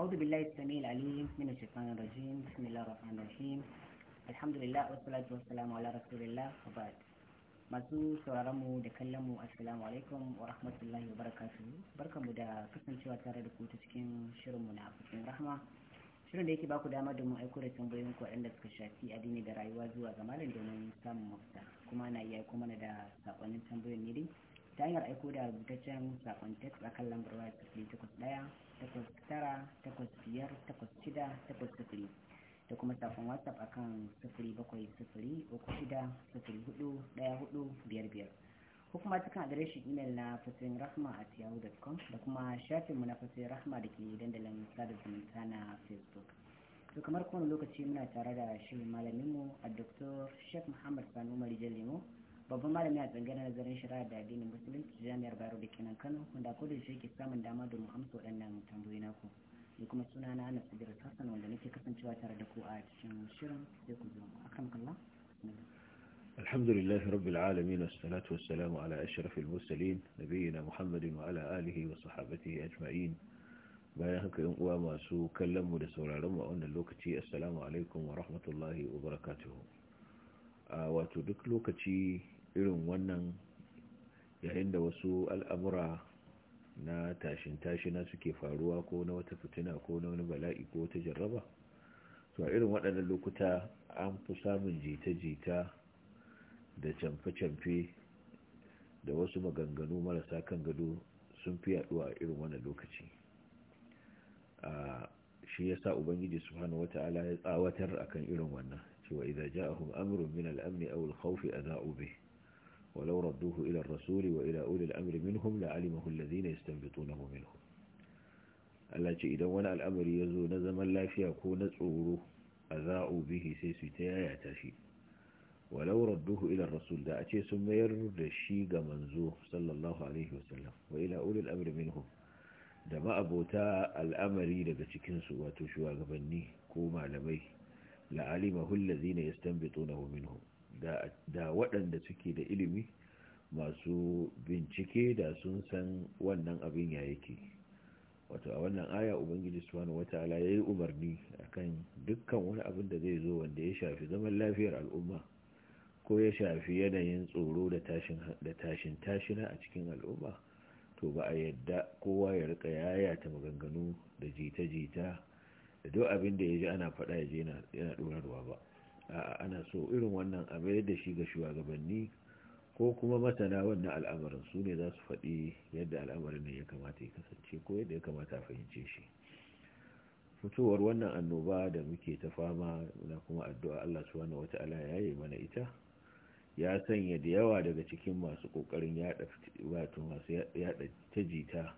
أعوذ بالله Ali, العليم من الشيطان الرجيم بسم الله الرحمن الرحيم الحمد لله والصلاة والسلام على masu sauraron mu da kallon mu assalamu alaikum wa rahmatullahi wa barakatuhu barkanmu da kasancewa tare da ku ta cikin shirin mu Rahma shirin da yake baku damar domin aiko da tambayoyin ku waɗanda suka shafi addini da rayuwa zuwa ga malam domin samun mafita kuma na iya aiko mana da sakonnin tambayoyin ne ta hanyar aiko da rubutaccen sakon text akan lambar waya sifili takwas ɗaya takwas tara takwas biyar takwas shida takwas sifiri da kuma safin whatsapp akan sifiri bakwai sifiri uku shida sifiri hudu daya hudu biyar biyar ko kuma cikin adireshin imel na fasirin rahma at yahoo.com da kuma shafinmu na fasirin rahma da ke dandalin sada zumunta na facebook to kamar kowane lokaci muna tare da shirin malaminmu a dr sheikh muhammad sanu marijan lemo babban malami a tsanganar nazarin shari'a da addinin musulunci jami'ar bayero da kenan kano wanda ko da shi ke samun dama domin amsa waɗannan tambayoyi naku ni kuma suna na ana tsibirar hassan wanda nake kasancewa tare da ku a cikin shirin sai ku zo akan kalla الحمد لله رب العالمين والصلاة والسلام على أشرف المرسلين نبينا محمد وعلى آله وصحابته أجمعين bayan haka yan uwa masu kallon mu da sauraron mu a wannan lokaci assalamu alaikum wa rahmatullahi wa barakatuhu wato duk lokaci irin wannan yayin da wasu al'amura na tashin tashina suke faruwa ko na wata fitina ko na wani bala'i ko wata jarraba to a irin waɗannan lokuta an fi samun jita-jita da camfe-camfe da wasu maganganu marasa kan gado sun fi yaɗuwa a irin wannan lokaci shi ya sa ubangiji wata ala ya tsawatar a kan irin wannan cewa idan ja'ahum amurin min al'amni amni aw al-khawfi adha'u bihi ولو ردوه إلى الرسول وإلى أولي الأمر منهم لعلمه الذين يستنبطونه منهم ألا جيدا الأمر يزو نزما لا فيكون أوره أذاؤوا به سيسوتيا يعتشي ولو ردوه إلى الرسول دعتي ثم يرد الشيق منزوه صلى الله عليه وسلم وإلى أولي الأمر منهم دما أبوتا الأمر لك تكنسوا وتشوى قبني كوما لميه لعلمه الذين يستنبطونه منهم da waɗanda suke da ilimi masu bincike da sun san wannan abin ya yake wato a wannan aya ubangiji subhanahu wataala ya yi umarni akan dukkan wani abin da zai zo wanda ya shafi zaman lafiyar al'umma ko ya shafi yanayin tsoro da tashin tashina a cikin al'umma to ba a yadda kowa ya rika yayata maganganu da jita-jita da duk abin da ya ji ana faɗa ya je yana ɗorarwa ba ana so irin wannan a da shi ga shugabanni ko kuma masana wannan al'amarin su ne za su faɗi yadda al'amarin ne ya kamata ya kasance ko yadda ya kamata a fahimce shi fitowar wannan annoba da muke ta fama na kuma addu'a Allah subhanahu wata'ala ya yi mana ita ya sanya da yawa daga cikin masu kokarin yada wato masu yada tajita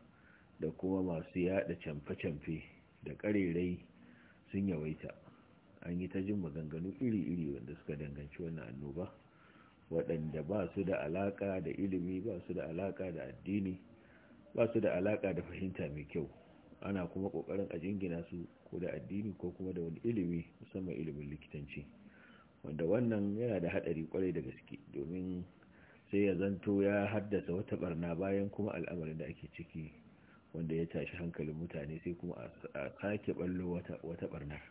da kuma masu yada camfe-camfe da karerai sun yawaita an yi ta jin maganganu iri-iri wanda suka danganci wannan annoba waɗanda ba su da alaƙa da ilimi ba su da alaƙa da addini ba su da alaƙa da fahimta mai kyau ana kuma ƙoƙarin a jingina su ko da addini ko kuma da wani ilimi musamman ilimin likitanci wanda wannan yana da haɗari kwarai da gaske domin sai ya zanto ya haddasa wata barna bayan kuma al'amarin da ake ciki wanda ya tashi hankalin mutane sai kuma a sake ɓallo wata barnar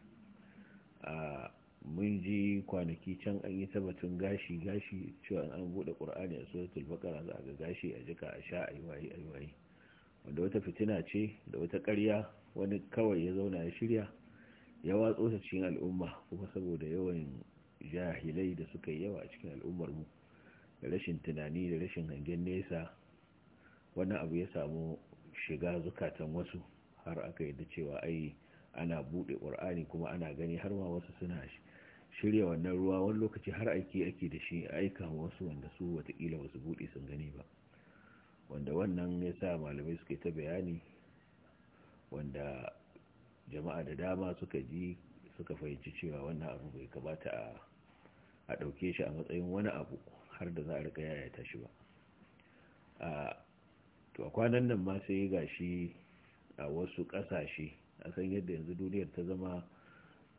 mun ji kwanaki can an yi tabbatun gashi gashi cewa an bude qur'ani a suratul baqara za ga gashi a jika a sha ayi wayi ayi wayi wanda wata fitina ce da wata ƙarya wani kawai ya zauna ya shirya ya watso ta cikin al'umma kuma saboda yawan jahilai da suka yi yawa a cikin al'ummar mu da rashin tunani da rashin hangen nesa wannan abu ya samu shiga zukatan wasu har aka yi da cewa ai ana buɗe ƙur'ani kuma ana gani har ma wasu suna shirya wannan ruwa wani lokaci har aiki ake da shi aika wasu wanda su watakila wasu buɗe sun gani ba wanda wannan ya sa malamai suke ta bayani wanda jama'a da dama suka ji suka fahimci cewa wannan abu bai kamata a ɗauke shi a matsayin wani abu har da za a riga yayata shi ba to a kwanan nan ma sai ga shi a wasu ƙasashe a san yadda yanzu duniyar ta zama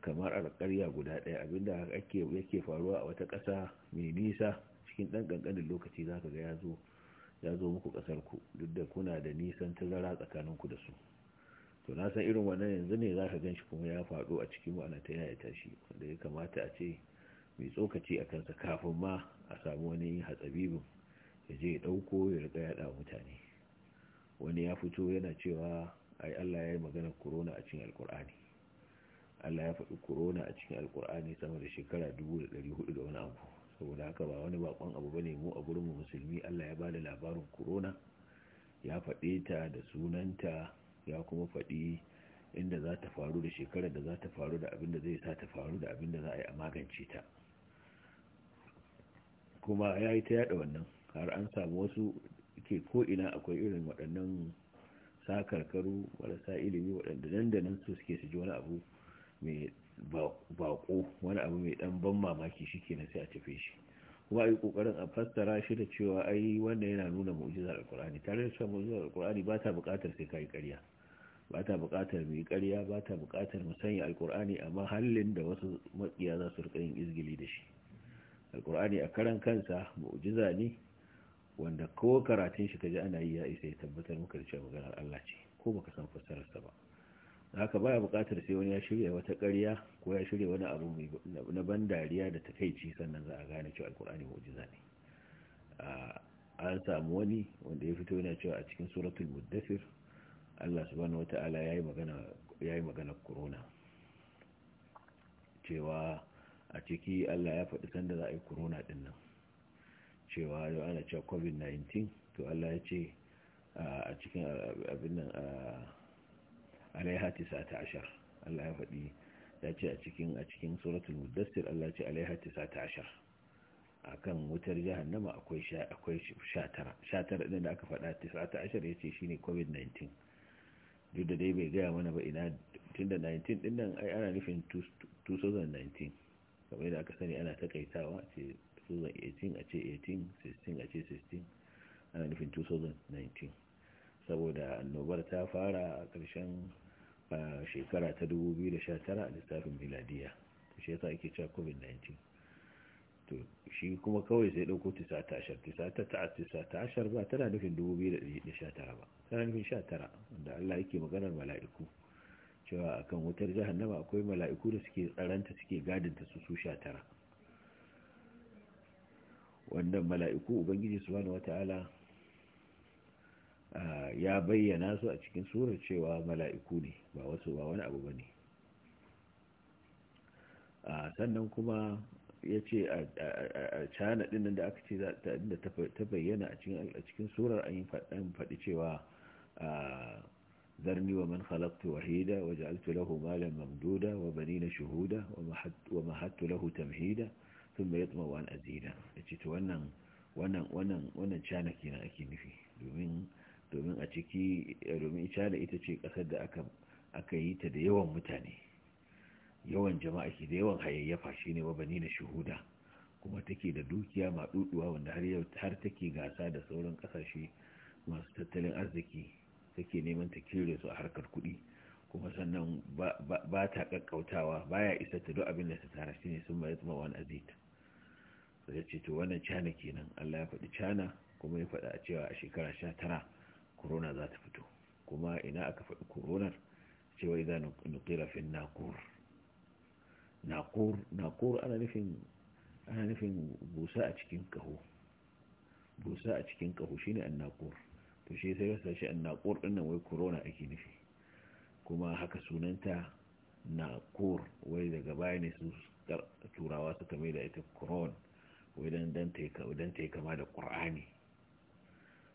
kamar alƙarya guda ɗaya abinda yake faruwa a wata ƙasa mai nisa cikin ɗan ƙanƙanin lokaci za ka ga ya zo muku ƙasar ku duk da kuna da nisan tazara tsakanin ku da su to na san irin wannan yanzu ne za ka gan shi kuma ya faɗo a cikin wa'ana ta yaya tashi wanda ya kamata a ce mai tsokaci a kansa kafin ma a samu wani hatsabibin ya je ya ɗauko ya riƙa yaɗa mutane wani ya fito yana cewa ai Allah ya yi maganar corona a cikin alkur'ani Allah ya faɗi corona a cikin alkur'ani sama da shekara 1400 da wani abu saboda haka ba wani bakon abu ba ne mu a gurin mu musulmi Allah ya bada labarin corona ya faɗe ta da sunanta ya kuma faɗi inda za ta faru da shekarar da za ta faru da abinda zai sa ta faru da abinda za a yi a magance ta kuma ya yi ta yada wannan har an samu wasu ke ko ina akwai irin waɗannan sa karkaru marasa ilimi waɗanda nan da nan su suke su ji wani abu mai baƙo wani abu mai ɗan ban mamaki shi ke sai a tafi shi kuma a yi ƙoƙarin a fassara shi da cewa ai wannan yana nuna mu'jizar alƙur'ani tare da cewa mu'jizar alƙur'ani ba ta buƙatar sai kai ƙarya ba ta buƙatar mu yi ƙarya ba ta buƙatar mu sanya alƙur'ani amma halin da wasu maƙiya za su riƙa yin izgili da shi alƙur'ani a karan kansa mu'jiza ne wanda ko karatun shi ka ji ana yi ya isa ya tabbatar maka da cewa maganar Allah ce ko baka san fassarar sa ba haka baya buƙatar sai wani ya shirya wata ƙarya ko ya shirya wani abu na ban dariya da takaici sannan za a gane cewa alkur'ani mu'jiza ne an samu wani wanda ya fito yana cewa a cikin suratul muddathir Allah subhanahu wata'ala yi magana yi magana corona cewa a ciki Allah ya faɗi sanda za a yi corona din cewa yau ana cewa covid-19 to Allah ya ce a cikin abin nan alaiha tisata ashar Allah ya faɗi ya ce a cikin a cikin suratul muddassir Allah ya ce alaiha tisata ashar akan wutar jahannama akwai akwai 19 19 din da aka faɗa tisata ashar yace shine covid-19 duk da dai bai gaya mana ba ina tunda 19 din nan ai ana nufin 2019 kamar yadda aka sani ana takaitawa ce 2018 a ce 18 16 a ce 16 ana nufin 2019 saboda annobar ta fara a ƙarshen shekara ta 2019 a lissafin miladiya shi yasa ake cewa covid-19 to shi kuma kawai sai ɗauko 19 19 ba tana nufin 2019 ba tana nufin 19 wanda Allah yake maganar mala'iku cewa akan wutar jahannama akwai mala'iku da suke tsaranta suke gadinta su su 19 wannan mala'iku ubangiji subhanahu wata'ala ya bayyana su a cikin surar cewa mala'iku ne ba wasu ba wani abu bane sannan kuma ya ce a cana ɗinnan da aka ce da ta bayyana a cikin surar an yi faɗi cewa ذرني ومن خلقت وحيدا وجعلت له مالا ممدودا shuhuda, شهودا ومهدت له tamhida sun bai tsuma wa al’azira ya ce ta wannan wannan wannan cana ake nufi domin a ciki domin cana ita ce kasar da aka yi ta da yawan mutane yawan jama'a ke da yawan hayayyafa shine bani na shuhuda kuma take da dukiya maɗuɗuwa wanda har yau har take gasa da sauran ƙasashe masu tattalin arziki take neman ta kire su a harkar kuɗi kuma sannan ba ta ƙaƙƙautawa baya isa ta duk abin da ta tara shine sun bayar ma wani azita sai ce to wannan cana kenan Allah ya faɗi cana kuma ya faɗa a cewa a shekara sha tara korona za ta fito kuma ina aka faɗi korona cewa idan nukira nakur nakur nakur ana nufin busa a cikin kaho busa a cikin kaho shine an nakur to shi sai rasa shi an nakur din wai korona ake nufi kuma haka sunanta nakur wai daga baya ne su turawa suka mai da ita korona wajen dan ta yi kama da ƙur'ani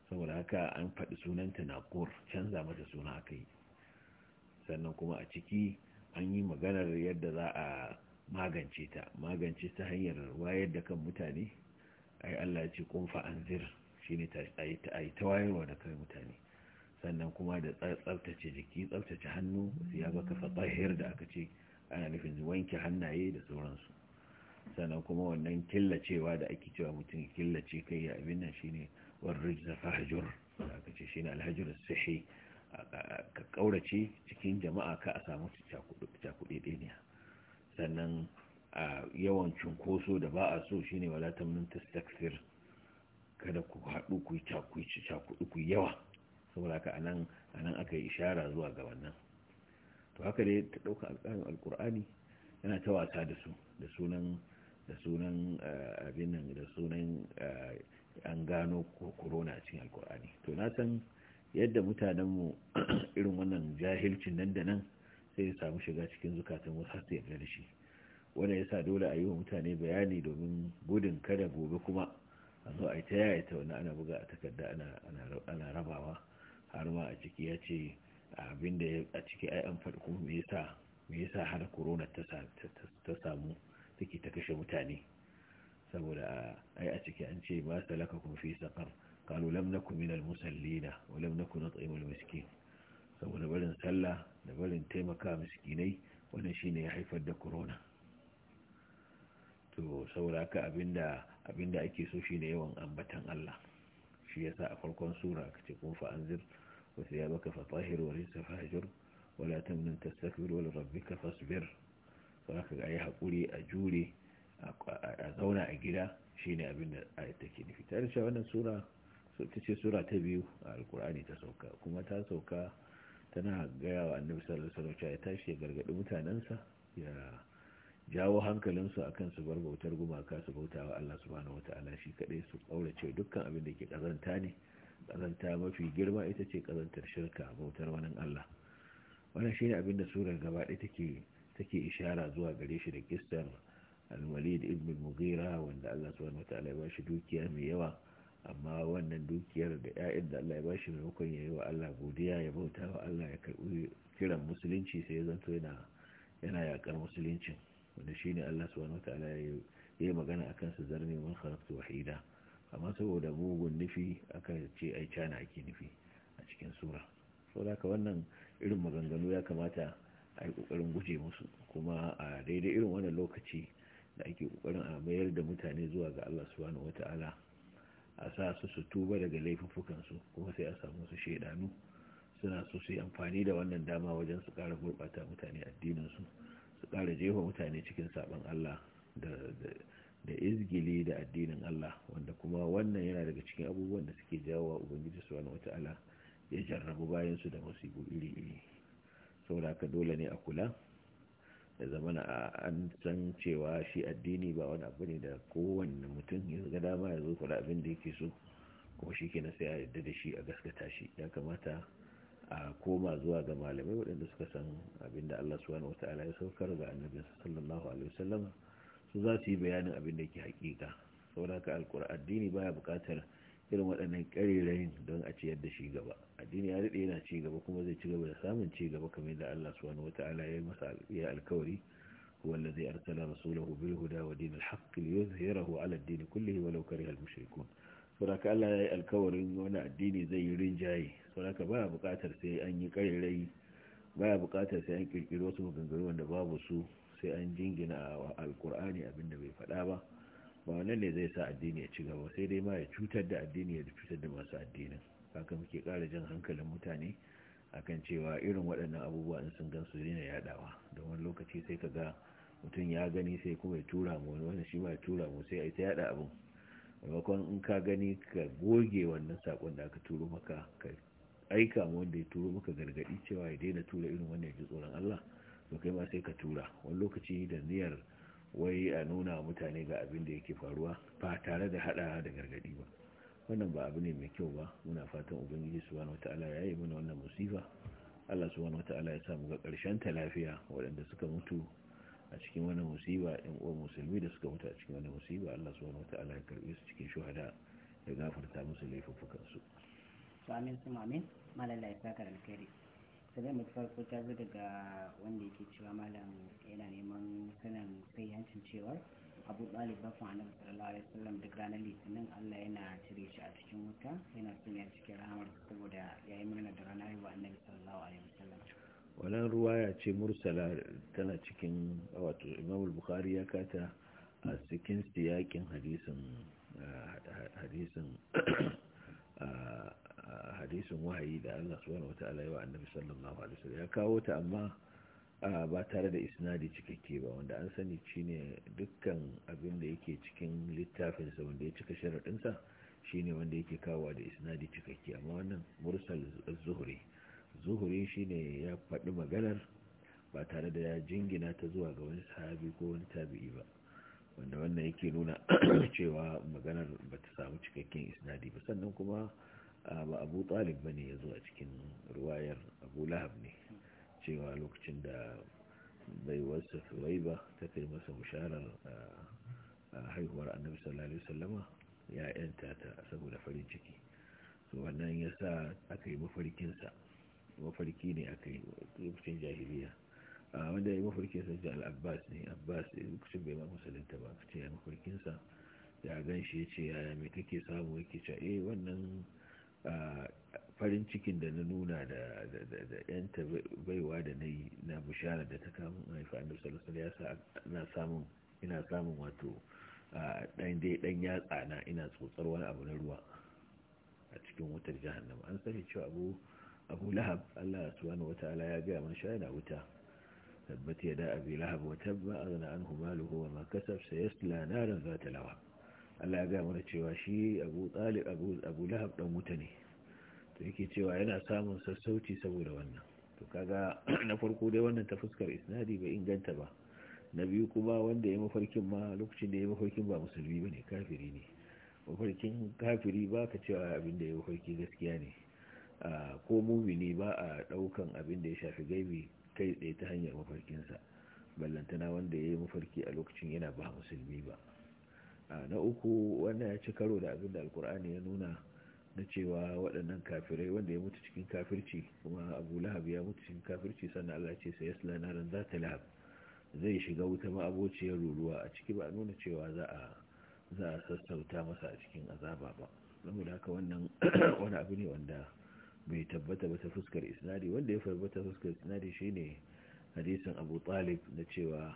saboda haka an faɗi sunanta na ƙor canza mata suna aka yi sannan kuma a ciki an yi maganar yadda za a magance ta magance ta hanyar wayar da kan mutane yi Allah ya ce kun zir shi ta a ta wayarwa da kai mutane sannan kuma da tsaftace jiki tsaftace hannu ya baka fatsahiyar da aka ce ana nufin wanke hannaye da sauransu sannan kuma wannan killacewa da ake cewa mutum killace kai ya abin nan shine warrij da fahjur aka ce shine alhajur sahi ka kaurace cikin jama'a ka a samu cakuɗe ɗaya sannan a yawan cunkoso da ba a so shine wala tamnun tastakfir kada ku haɗu ku yi cakuɗe ku yawa saboda haka anan anan aka yi ishara zuwa ga wannan to haka dai ta ɗauka alƙarin alƙur'ani yana ta wasa da su da sunan da sunan eh, abin nan da sunan eh, an gano corona a cikin alkur'ani to na san yadda mutanenmu irin wannan jahilcin nan da nan sai ya samu shiga cikin zukatun wasu har yarda da shi wanda ya sa dole a yi wa mutane bayani domin gudun kada gobe kuma a zo a yi ta yaya ta wani ana buga a takarda ana rabawa har ma a ciki ya ce abin da a ciki ai an faɗi kuma me yasa me yasa har corona ta samu suke ta kashe mutane saboda ai a ciki an ce ba kun fi saƙar qalu lam nakum minal musallina wa lam nakun nut'imul miskin saboda barin sallah da barin taimaka miskinai wannan shine ya haifar da corona to saboda haka abinda abinda ake so shine yawan ambatan Allah shi yasa a farkon sura aka ce kun fa'anzir anzir ya baka fatahhir wa rijsa fahjur ولا تمنن تستكبر ولربك فاصبر za ka ga yi haƙuri a jure a zauna a gida shi ne abin da ayat ke nufi tare da wannan sura ta ce sura ta biyu a alkur'ani ta sauka kuma ta sauka tana gaya wa annabi sallallahu alaihi wasallam ya tashi ya gargaɗi mutanensa ya jawo hankalinsu a kan su bar bautar gumaka su bauta wa Allah subhanahu wa ta'ala shi kaɗai su ƙaurace dukkan abin da ke ƙazanta ne ƙazanta mafi girma ita ce ƙazantar shirka bautar wani Allah wannan shi ne abin da surar gaba ɗaya take take ishara zuwa gare shi da kistar alwalid ibn mughira wanda Allah subhanahu wataala ya bashi dukiya mai yawa amma wannan dukiyar da 'ya'yan da Allah ya bashi maimakon ya yi wa Allah godiya ya bauta wa Allah ya karɓi kiran musulunci sai ya zanto yana yana yakar musulunci wanda shine Allah subhanahu wataala ya yi magana akan su zarni man khalaqtu wahida amma saboda mugun nufi aka ce ai cana ake nufi a cikin sura saboda ka wannan irin maganganu ya kamata a yi ƙoƙarin guje musu kuma a daidai irin wannan lokaci da ake ƙoƙarin a mayar da mutane zuwa ga Allah subhanahu wata'ala a sa su su tuba daga laifukan su kuma sai a samu su shaidanu suna so su yi amfani da wannan dama wajen su ƙara gurɓata mutane addinin su su ƙara jefa mutane cikin sabon Allah da izgili da addinin Allah wanda kuma wannan yana daga cikin abubuwan da suke jawo wa Ubangiji subhanahu wata'ala ya jarrabu bayan su da musibu iri-iri saboda haka dole ne a kula da zamana an san cewa shi addini ba wani abu ne da kowane mutum ya ga dama ya zo kula abin da yake so kuma shi ke sai ya yadda da shi a gaskata shi ya kamata a koma zuwa ga malamai waɗanda suka san abin da Allah na wata'ala ya saukar ga annabin sallallahu alaihi wasallam su za su yi bayanin abin da ke hakika saboda haka alqur'ani addini baya buƙatar irin waɗannan ƙarerayin don a ciyar da shi gaba addini ya daɗe yana ci gaba kuma zai ci gaba da samun ci gaba kamar da Allah subhanahu wata'ala ya masa ya alkawari huwa allazi arsala rasulahu bil huda wa dinil haqq liyuzhirahu ala ad-din kullihi walau kariha al-mushrikun saboda Allah ya yi alkawarin wani addini zai yi rinjaye saboda ba buƙatar sai an yi ƙarerayi ba buƙatar sai an kirkiri wasu maganganu wanda babu su sai an jingina a alkur'ani abinda bai faɗa ba ba nan ne zai sa addini ya ci gaba sai dai ma ya cutar da addini ya cutar da masu addinin haka muke ƙara jan hankalin mutane akan cewa irin waɗannan abubuwa in sun gansu daina yaɗawa da wani lokaci sai ka ga mutum ya gani sai kuma ya tura mu wani wani shi ma ya tura mu sai a ta yaɗa abin maimakon in ka gani ka goge wannan saƙon da aka turo maka ka aika mu wanda ya turo maka gargaɗi cewa ya daina tura irin wannan ya ji tsoron Allah to kai ma sai ka tura wani lokaci da niyyar wai a nuna mutane ga abin da yake faruwa ba tare da hada da gargadi ba wannan ba abu ne mai kyau ba muna fatan ubangiji subhanahu wataala ya yi mana wannan musifa Allah subhanahu wataala ya samu ga karshen ta lafiya waɗanda suka mutu a cikin wani musiba ɗin uwa musulmi da suka mutu a cikin wani musiba Allah subhanahu wataala ya karbi su cikin shuhada ya gafarta musu laifuffukan su amin su amin malalla ya saka alkhairi zai ta farko ta zo daga wanda yake cewa malam yana neman sanin kai hancin cewa abu ɗalib ba fa sallallahu alaihi wasallam duk ranar litinin Allah yana cire shi a cikin wuta yana ya cikin rahamar saboda yayi murna da ranar wa annabi sallallahu alaihi wasallam wannan ruwaya ce mursala tana cikin wato Imam Bukhari ya kata a cikin siyakin hadisin hadisin hadisin wahayi da Allah subhanahu wata'ala ya wa annabi sallallahu alaihi wasallam ya kawo ta amma ba tare da isnadi cikakke ba wanda an sani shine dukkan abin da yake cikin littafin sa wanda ya cika sharadin sa shine wanda yake kawo da isnadi cikakke amma wannan mursal zuhri zuhri shine ya faɗi maganar ba tare da ya jingina ta zuwa ga wani sahabi ko wani tabi'i ba wanda wannan yake nuna cewa maganar ba ta samu cikakken isnadi ba sannan kuma ba abu talib ba ne ya zo a cikin ruwayar abu lahab ne cewa lokacin da bai wasu suwai ba ta kai masa musharar haihuwar annabi sallallahu alaihi wasallama ya yanta ta saboda farin ciki so wannan ya sa aka yi mafarkinsa mafarki ne aka yi lokacin jahiliya a wanda ya mafarkin sa ji al'abbas ne abbas lokacin bai ma musulunta ba ce ya mafarkinsa ya gan ya ce yaya mai take samu yake ce eh wannan farin cikin da na nuna da yanta baiwa da na yi na bishara da ta kamun a da sallallahu alaihi ya sa samun ina samun wato ɗan dai dan yatsa na ina tsotsar wani abu na ruwa a cikin wutar jahannama an sani cewa abu abu lahab Allah subhanahu ala ya gaya man sha yana wuta tabbatai da abi lahab wa tabba azna anhu maluhu wa ma kasab sayasla naran zata lawa. Allah ya gaya mana cewa shi abu talib abu lahab ɗan wuta ne to yake cewa yana samun sassauci saboda wannan to kaga na farko dai wannan ta fuskar isnadi bai inganta ba na biyu kuma wanda ya mafarkin ma lokacin da ya mafarkin ba musulmi bane kafiri ne mafarkin kafiri ba ka cewa abin da ya mafarki gaskiya ne ko mumini ba a daukan abin da ya shafi gaibi kai tsaye ta hanyar mafarkinsa ballantana wanda ya yi mafarki a lokacin yana ba musulmi ba na uku wannan ya ci karo da abin da alkur'ani ya nuna na cewa waɗannan kafirai wanda ya mutu cikin kafirci kuma abu lahab ya mutu cikin kafirci sannan allah ce sai yasla naran za ta lahab zai shiga wuta ma'abociyar ruruwa a ciki ba a nuna cewa za a za a sassauta masa a cikin azaba ba saboda haka wannan wani abu ne wanda bai tabbata ba ta fuskar isnadi wanda ya farbata fuskar isnadi shine hadisin abu talib na cewa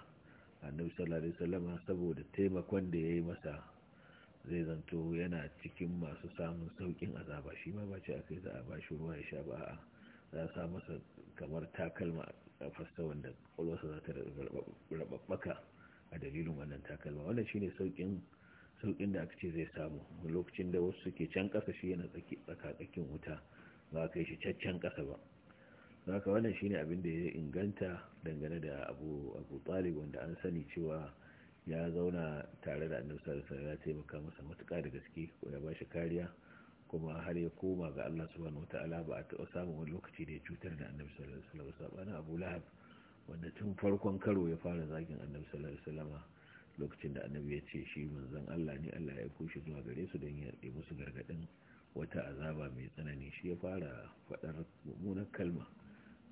annabi sallallahu alaihi wasallam saboda taimakon da yayi masa zai zanto yana cikin masu samun saukin azaba shi ma ba ce akai za a bashi ruwa ya sha ba a za a sa masa kamar takalma a fasta wanda kwalwarsa za ta rababbaka a dalilin wannan takalma wannan shine saukin saukin da aka ce zai samu lokacin da wasu suke can kasa shi yana tsaka tsakin wuta ba kai shi can kasa ba haka wannan shine abin da ya inganta dangane da abu abu talib wanda an sani cewa ya zauna tare da annabi sallallahu alaihi wasallam ya taimaka masa matuƙa da gaske ko ya bashi kariya kuma har ya koma ga Allah subhanahu wataala ba a taɓa samun wani lokaci da ya cutar da annabi sallallahu alaihi wasallam sabanin abu lahab wanda tun farkon karo ya fara zagin annabi sallallahu alaihi wasallam lokacin da annabi ya ce shi manzon Allah ne Allah ya kushe zuwa gare su don ya yi musu gargadin wata azaba mai tsanani shi ya fara faɗar mummunar kalma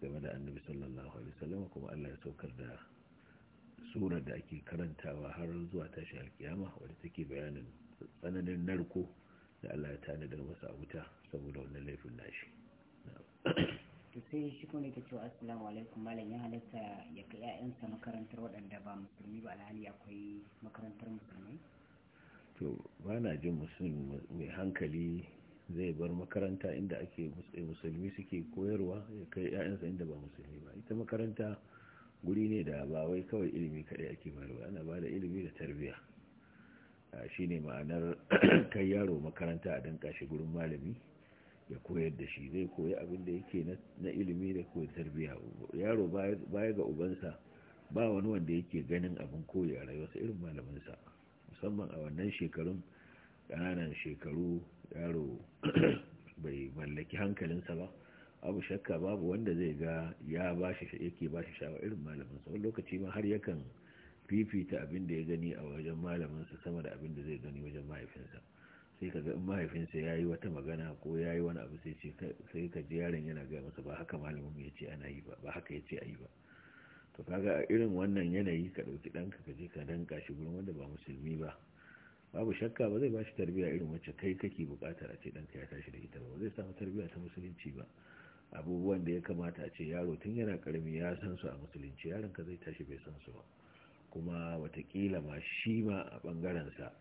game da annabi sallallahu alaihi wasallam kuma Allah ya saukar da surar da ake karantawa har zuwa tashi alkiyama wadda take bayanin tsananin narko da Allah ya tanadar masa a wuta saboda wannan laifin nashi to sai shi ko ne kace cewa assalamu alaikum malam ya halatta ya kai ƴaƴansa makarantar waɗanda ba musulmi ba alhali akwai makarantar musulmi to ba na jin musulmi mai hankali zai bar makaranta inda ake eh, musulmi suke koyarwa ya kai 'ya'yansa inda ba musulmi ba ita makaranta guri ne da ba wai kawai ilimi kadai ake bayarwa ana ba da ilimi da tarbiyya shi ne ma'anar kai yaro makaranta a danka shi gurin malami ya koyar da shi zai koyi abin da yake na ilimi da koyi tarbiyya yaro baya ga ubansa ba wani wanda yake ganin abin koyi a rayuwarsa irin malaminsa musamman a wannan shekarun ƙananan shekaru yaro bai mallaki hankalinsa ba abu shakka babu wanda zai ga ya ba shi yake ba shi shawa irin malaminsa wani lokaci ma har yakan fifita abin da ya gani a wajen malaminsa sama da abin da zai gani wajen mahaifinsa sai ka ga in mahaifinsa ya yi wata magana ko ya yi wani abu sai ce sai ka ji yaron yana gaya masa ba haka malamin ya ce ana yi ba ba haka ya ce a yi ba to kaga a irin wannan yanayi ka ɗauki ɗanka ka je ka danka shi gurin wanda ba musulmi ba babu shakka ba zai ba bashi tarbiya irin wacce kai kake bukatar a ce ɗanka ya tashi da ita ba zai samu tarbiya ta musulunci ba abubuwan da ya kamata a ce yaro tun yana karami ya san su a musulunci yaron ka zai tashi bai san su ba kuma watakila ma shi ma a bangaren sa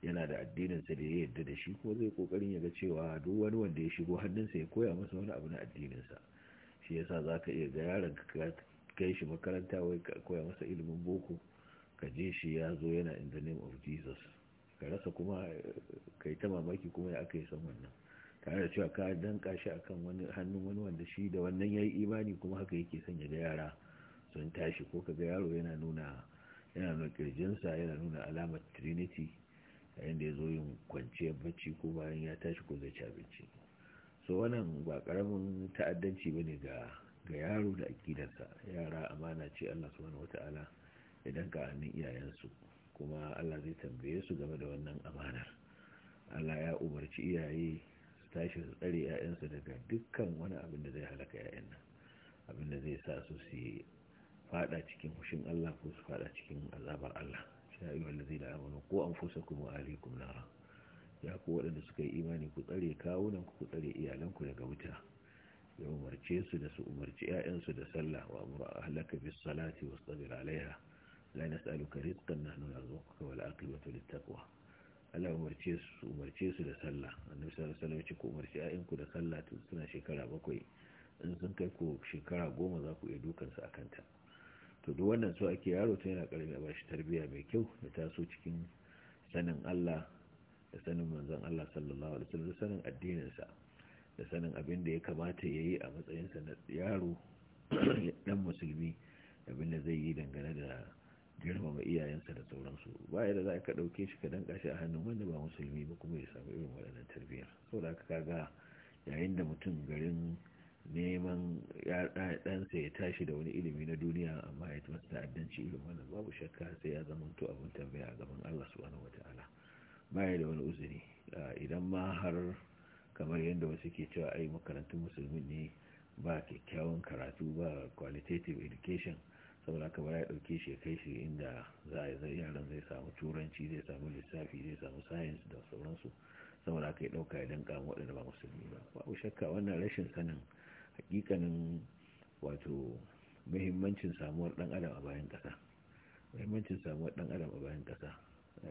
yana da addinin sa da ya yadda da shi kuma zai kokarin ya ga cewa duk wani wanda ya shigo hannun sa ya koya masa wani abu na addinin sa shi yasa za ka iya ga yaron ka kai shi makaranta wai ka koya masa ilimin boko ka je shi ya zo yana in the name of jesus ka rasa kuma kai ta mamaki kuma ya aka yi san wannan tare da cewa ka danka shi akan wani hannun wani wanda shi da wannan yayi imani kuma haka yake son ya ga yara sun tashi ko kaga yaro yana nuna yana nuna kirjinsa yana nuna alamar trinity yayin da ya zo yin kwanciyar bacci ko bayan ya tashi ko zai ci abinci so wannan ba karamin ta'addanci bane ga ga yaro da akidarsa yara amana ce Allah subhanahu wataala idan ka iyayen iyayensu kuma Allah zai tambaye su game da wannan amanar Allah ya umarci iyaye su tashi su tsare 'ya'yansu daga dukkan wani abin da zai halaka ƴaƴan nan abin da zai sa su su fada cikin hushin Allah ko su fada cikin azabar Allah ya yi wanda zai la'amunu ko an fusa kuma alaikum nara ya ku waɗanda suka yi imani ku tsare kawunan ku tsare iyalanku daga wuta ya umarce su da su umarci 'ya'yansu da sallah wa a halaka bis salati tsabir alaiha la nas'aluka rizqan nahnu narzuquka wal aqibatu littaqwa Allah umarce su umarce su da sallah annabi sallallahu alaihi wasallam ya ce ku umarci ayyanku da sallah tun suna shekara bakwai in sun kai ku shekara goma za ku iya dukansu a kanta to duk wannan so ake yaro ta yana karami a bashi tarbiyya mai kyau da taso cikin sanin Allah da sanin manzon Allah da sanin abin da ya kamata yayi a matsayin na yaro dan musulmi abin da zai yi dangane da girmama iyayensa da sauransu ba yadda za ka ɗauke shi ka danka shi a hannun wanda ba musulmi ba kuma ya samu irin waɗannan tarbiyyar da haka kaga yayin da mutum garin neman ɗansa ya tashi da wani ilimi na duniya amma ya masa ta'addanci irin wannan babu shakka sai ya zama to abin tambaya a gaban Allah subhanahu wata'ala ba da wani uzuri idan ma har kamar yadda wasu ke cewa ai makarantun musulmi ne ba kyakkyawan karatu ba qualitative education saboda ka bara ya ɗauke shi ya kai shi inda za a zai yaran zai samu turanci zai samu lissafi zai samu science da sauransu saboda ka ya ɗauka idan danka waɗanda ba musulmi ba babu shakka wannan rashin sanin hakikanin wato muhimmancin samuwar ɗan adam a bayan ƙasa muhimmancin samuwar ɗan adam a bayan ƙasa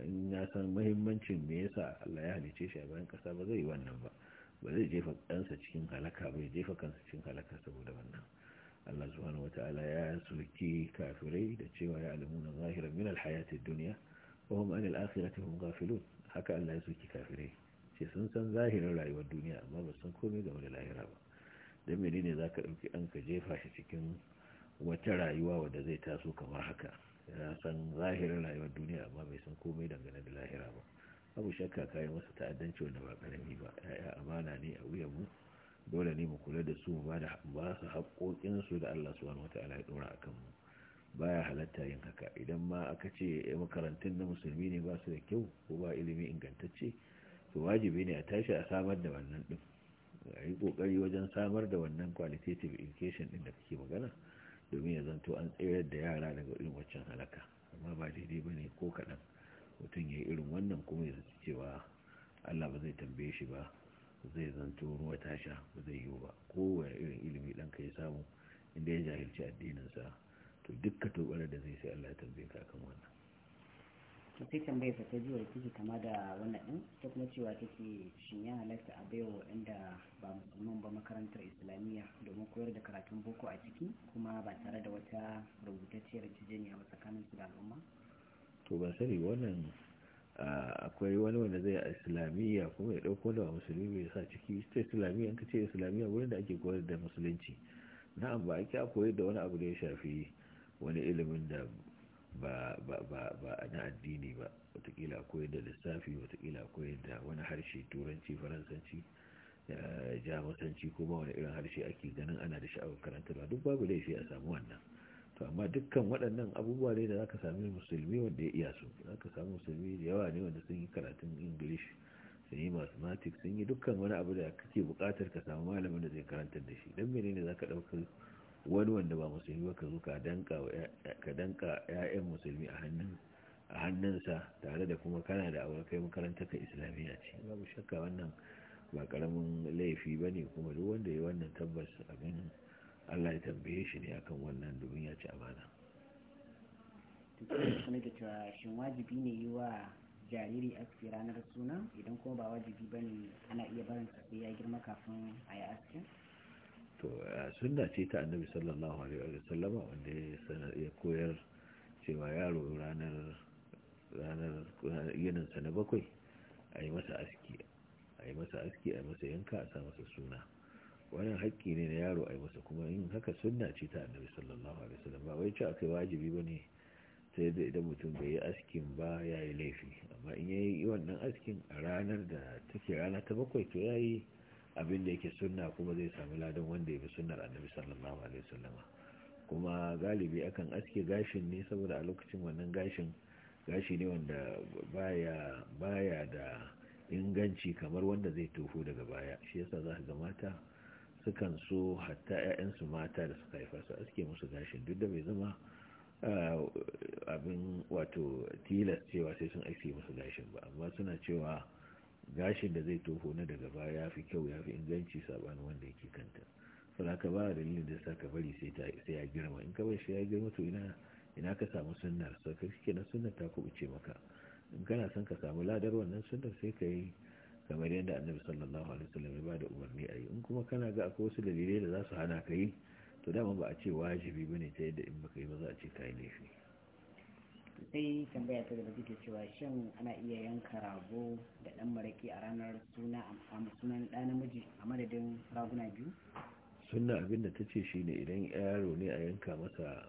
in ya san muhimmancin me yasa Allah ya halice shi a bayan ƙasa ba zai yi wannan ba ba zai jefa ɗansa cikin halaka ba ya jefa kansa cikin halaka saboda wannan Allah subhanahu wata'ala ya soki kafirai da cewa ya na zahiran min alhayatid duniya wa hum anil akhirati hum ghafilun haka Allah ya soki kafirai ce sun san zahirin rayuwar duniya amma ba san komai game da lahira ba dan menene zaka dauki an ka jefa shi cikin wata rayuwa wanda zai taso kamar haka ya san zahirin rayuwar duniya amma bai san komai dangane da lahira ba abu shakka kayan masa ta'addanci wanda ba karami ba ya'ya amana ne a wuyan mu dole ne mu kula da su ba da ba su haƙoƙinsu da Allah wata wata'ala ya a akan ba ya halatta yin haka idan ma aka ce eh, makarantun na musulmi ne ba su da kyau ko ba ilimi ingantacce to wajibi ne a tashi a samar da wannan ɗin a yi ƙoƙari wajen samar da wannan qualitative education ɗin da kake magana domin ya zanto an tsayar da yara daga irin waccan halaka amma ba daidai ba ne ko kaɗan mutum ya yi irin wannan kuma ya cewa allah ba zai tambaye shi ba zai zanto ruwa ta sha ba zai yiwu ba kowane irin ilimi ka ya samu inda ya jahilci addininsa to dukka tobar da zai sai Allah ya tambaye ka kan wannan to sai tambayar ta ta jiwa kike kama da wannan din ta kuma cewa take shin ya halatta a baiwa waɗanda ba musulman ba makarantar islamiyya domin koyar da karatun boko a ciki kuma ba tare da wata rubutacciyar cijiniya ba tsakanin su da al'umma to ba sani wannan akwai wani wanda zai a islamiyya kuma ya dauko da musulmi bai sa ciki ta islamiyya ka ce islamiyya wurin da ake koyar da musulunci na'am ba ake koyar da wani abu da ya shafi wani ilimin da ba na addini ba watakila koyar da lissafi watakila koyar da wani harshe turanci faransanci eh, jamusanci kuma wani irin harshe ake ganin ana da sha'awar karantarwa duk babu laifi a samu wannan to amma dukkan waɗannan abubuwa ne da za ka sami musulmi wanda ya iya su za ka sami musulmi da yawa ne wanda sun yi karatun english sun yi mathematics sun yi dukkan wani abu da kake buƙatar ka samu malamin da zai karantar da shi don menene za ka ɗauka wani wanda ba musulmi ba ka zo ka danka 'ya'yan musulmi a hannun a hannunsa tare da kuma kana da awar kai makarantar ka islamiyya ce babu shakka wannan ba karamin laifi ba ne kuma duk wanda ya wannan tabbas abin Allah ya tambaye shi ne akan wannan domin ya ci amana kuma da cewa shin wajibi ne yi wa jariri aski ranar suna idan kuma ba wajibi ba ne ana iya barin sai ya girma kafin a yi askin to suna ce ta annabi sallallahu alaihi wa sallama wanda ya koyar cewa yaro ranar ranar yaninsa na bakwai a yi masa aski a yi masa masa yanka a sa masa suna wannan haƙƙi ne na yaro a yi masa kuma in haka sunna ce ta annabi sallallahu alaihi wasallam ba wai ce akai wajibi bane ta yadda idan mutum bai yi askin ba ya yi laifi amma in ya yi wannan askin a ranar da take rana ta bakwai to ya yi abin da yake sunna kuma zai sami ladan wanda ya bi sunnar annabi sallallahu alaihi wasallam kuma galibi akan aske gashin ne saboda a lokacin wannan gashin gashi ne wanda baya baya da inganci kamar wanda zai toho daga baya shi yasa za ka ga mata sukan so hatta 'ya'yansu mata da suka haifa su aske musu gashin duk da bai zama eh, abin wato tilas cewa sai sun aske musu gashin ba amma suna cewa gashin da zai toho na daga baya ya fi kyau ya fi inganci sabanin wanda yake kanta saboda ba dalilin da sa ka bari sai ya girma in ka bar shi ya girma to ina ina ka samu sunnar sai kake na sunnar ta kubuce maka in kana son ka samu ladar wannan sunnar sai ka yi kamar yadda annabi sallallahu alaihi wasallam ya bada umarni a yi in kuma kana ga akwai wasu dalilai da za su hana ka yi to dama ba a ce wajibi ne ta yadda in baka yi ba za a ce ka yi laifi sai tambaya ta gaba take cewa shin ana iya yanka rago da dan maraki a ranar suna a sunan ɗa namiji a madadin raguna biyu sunna abin da ta ce shine idan yaro ne a yanka masa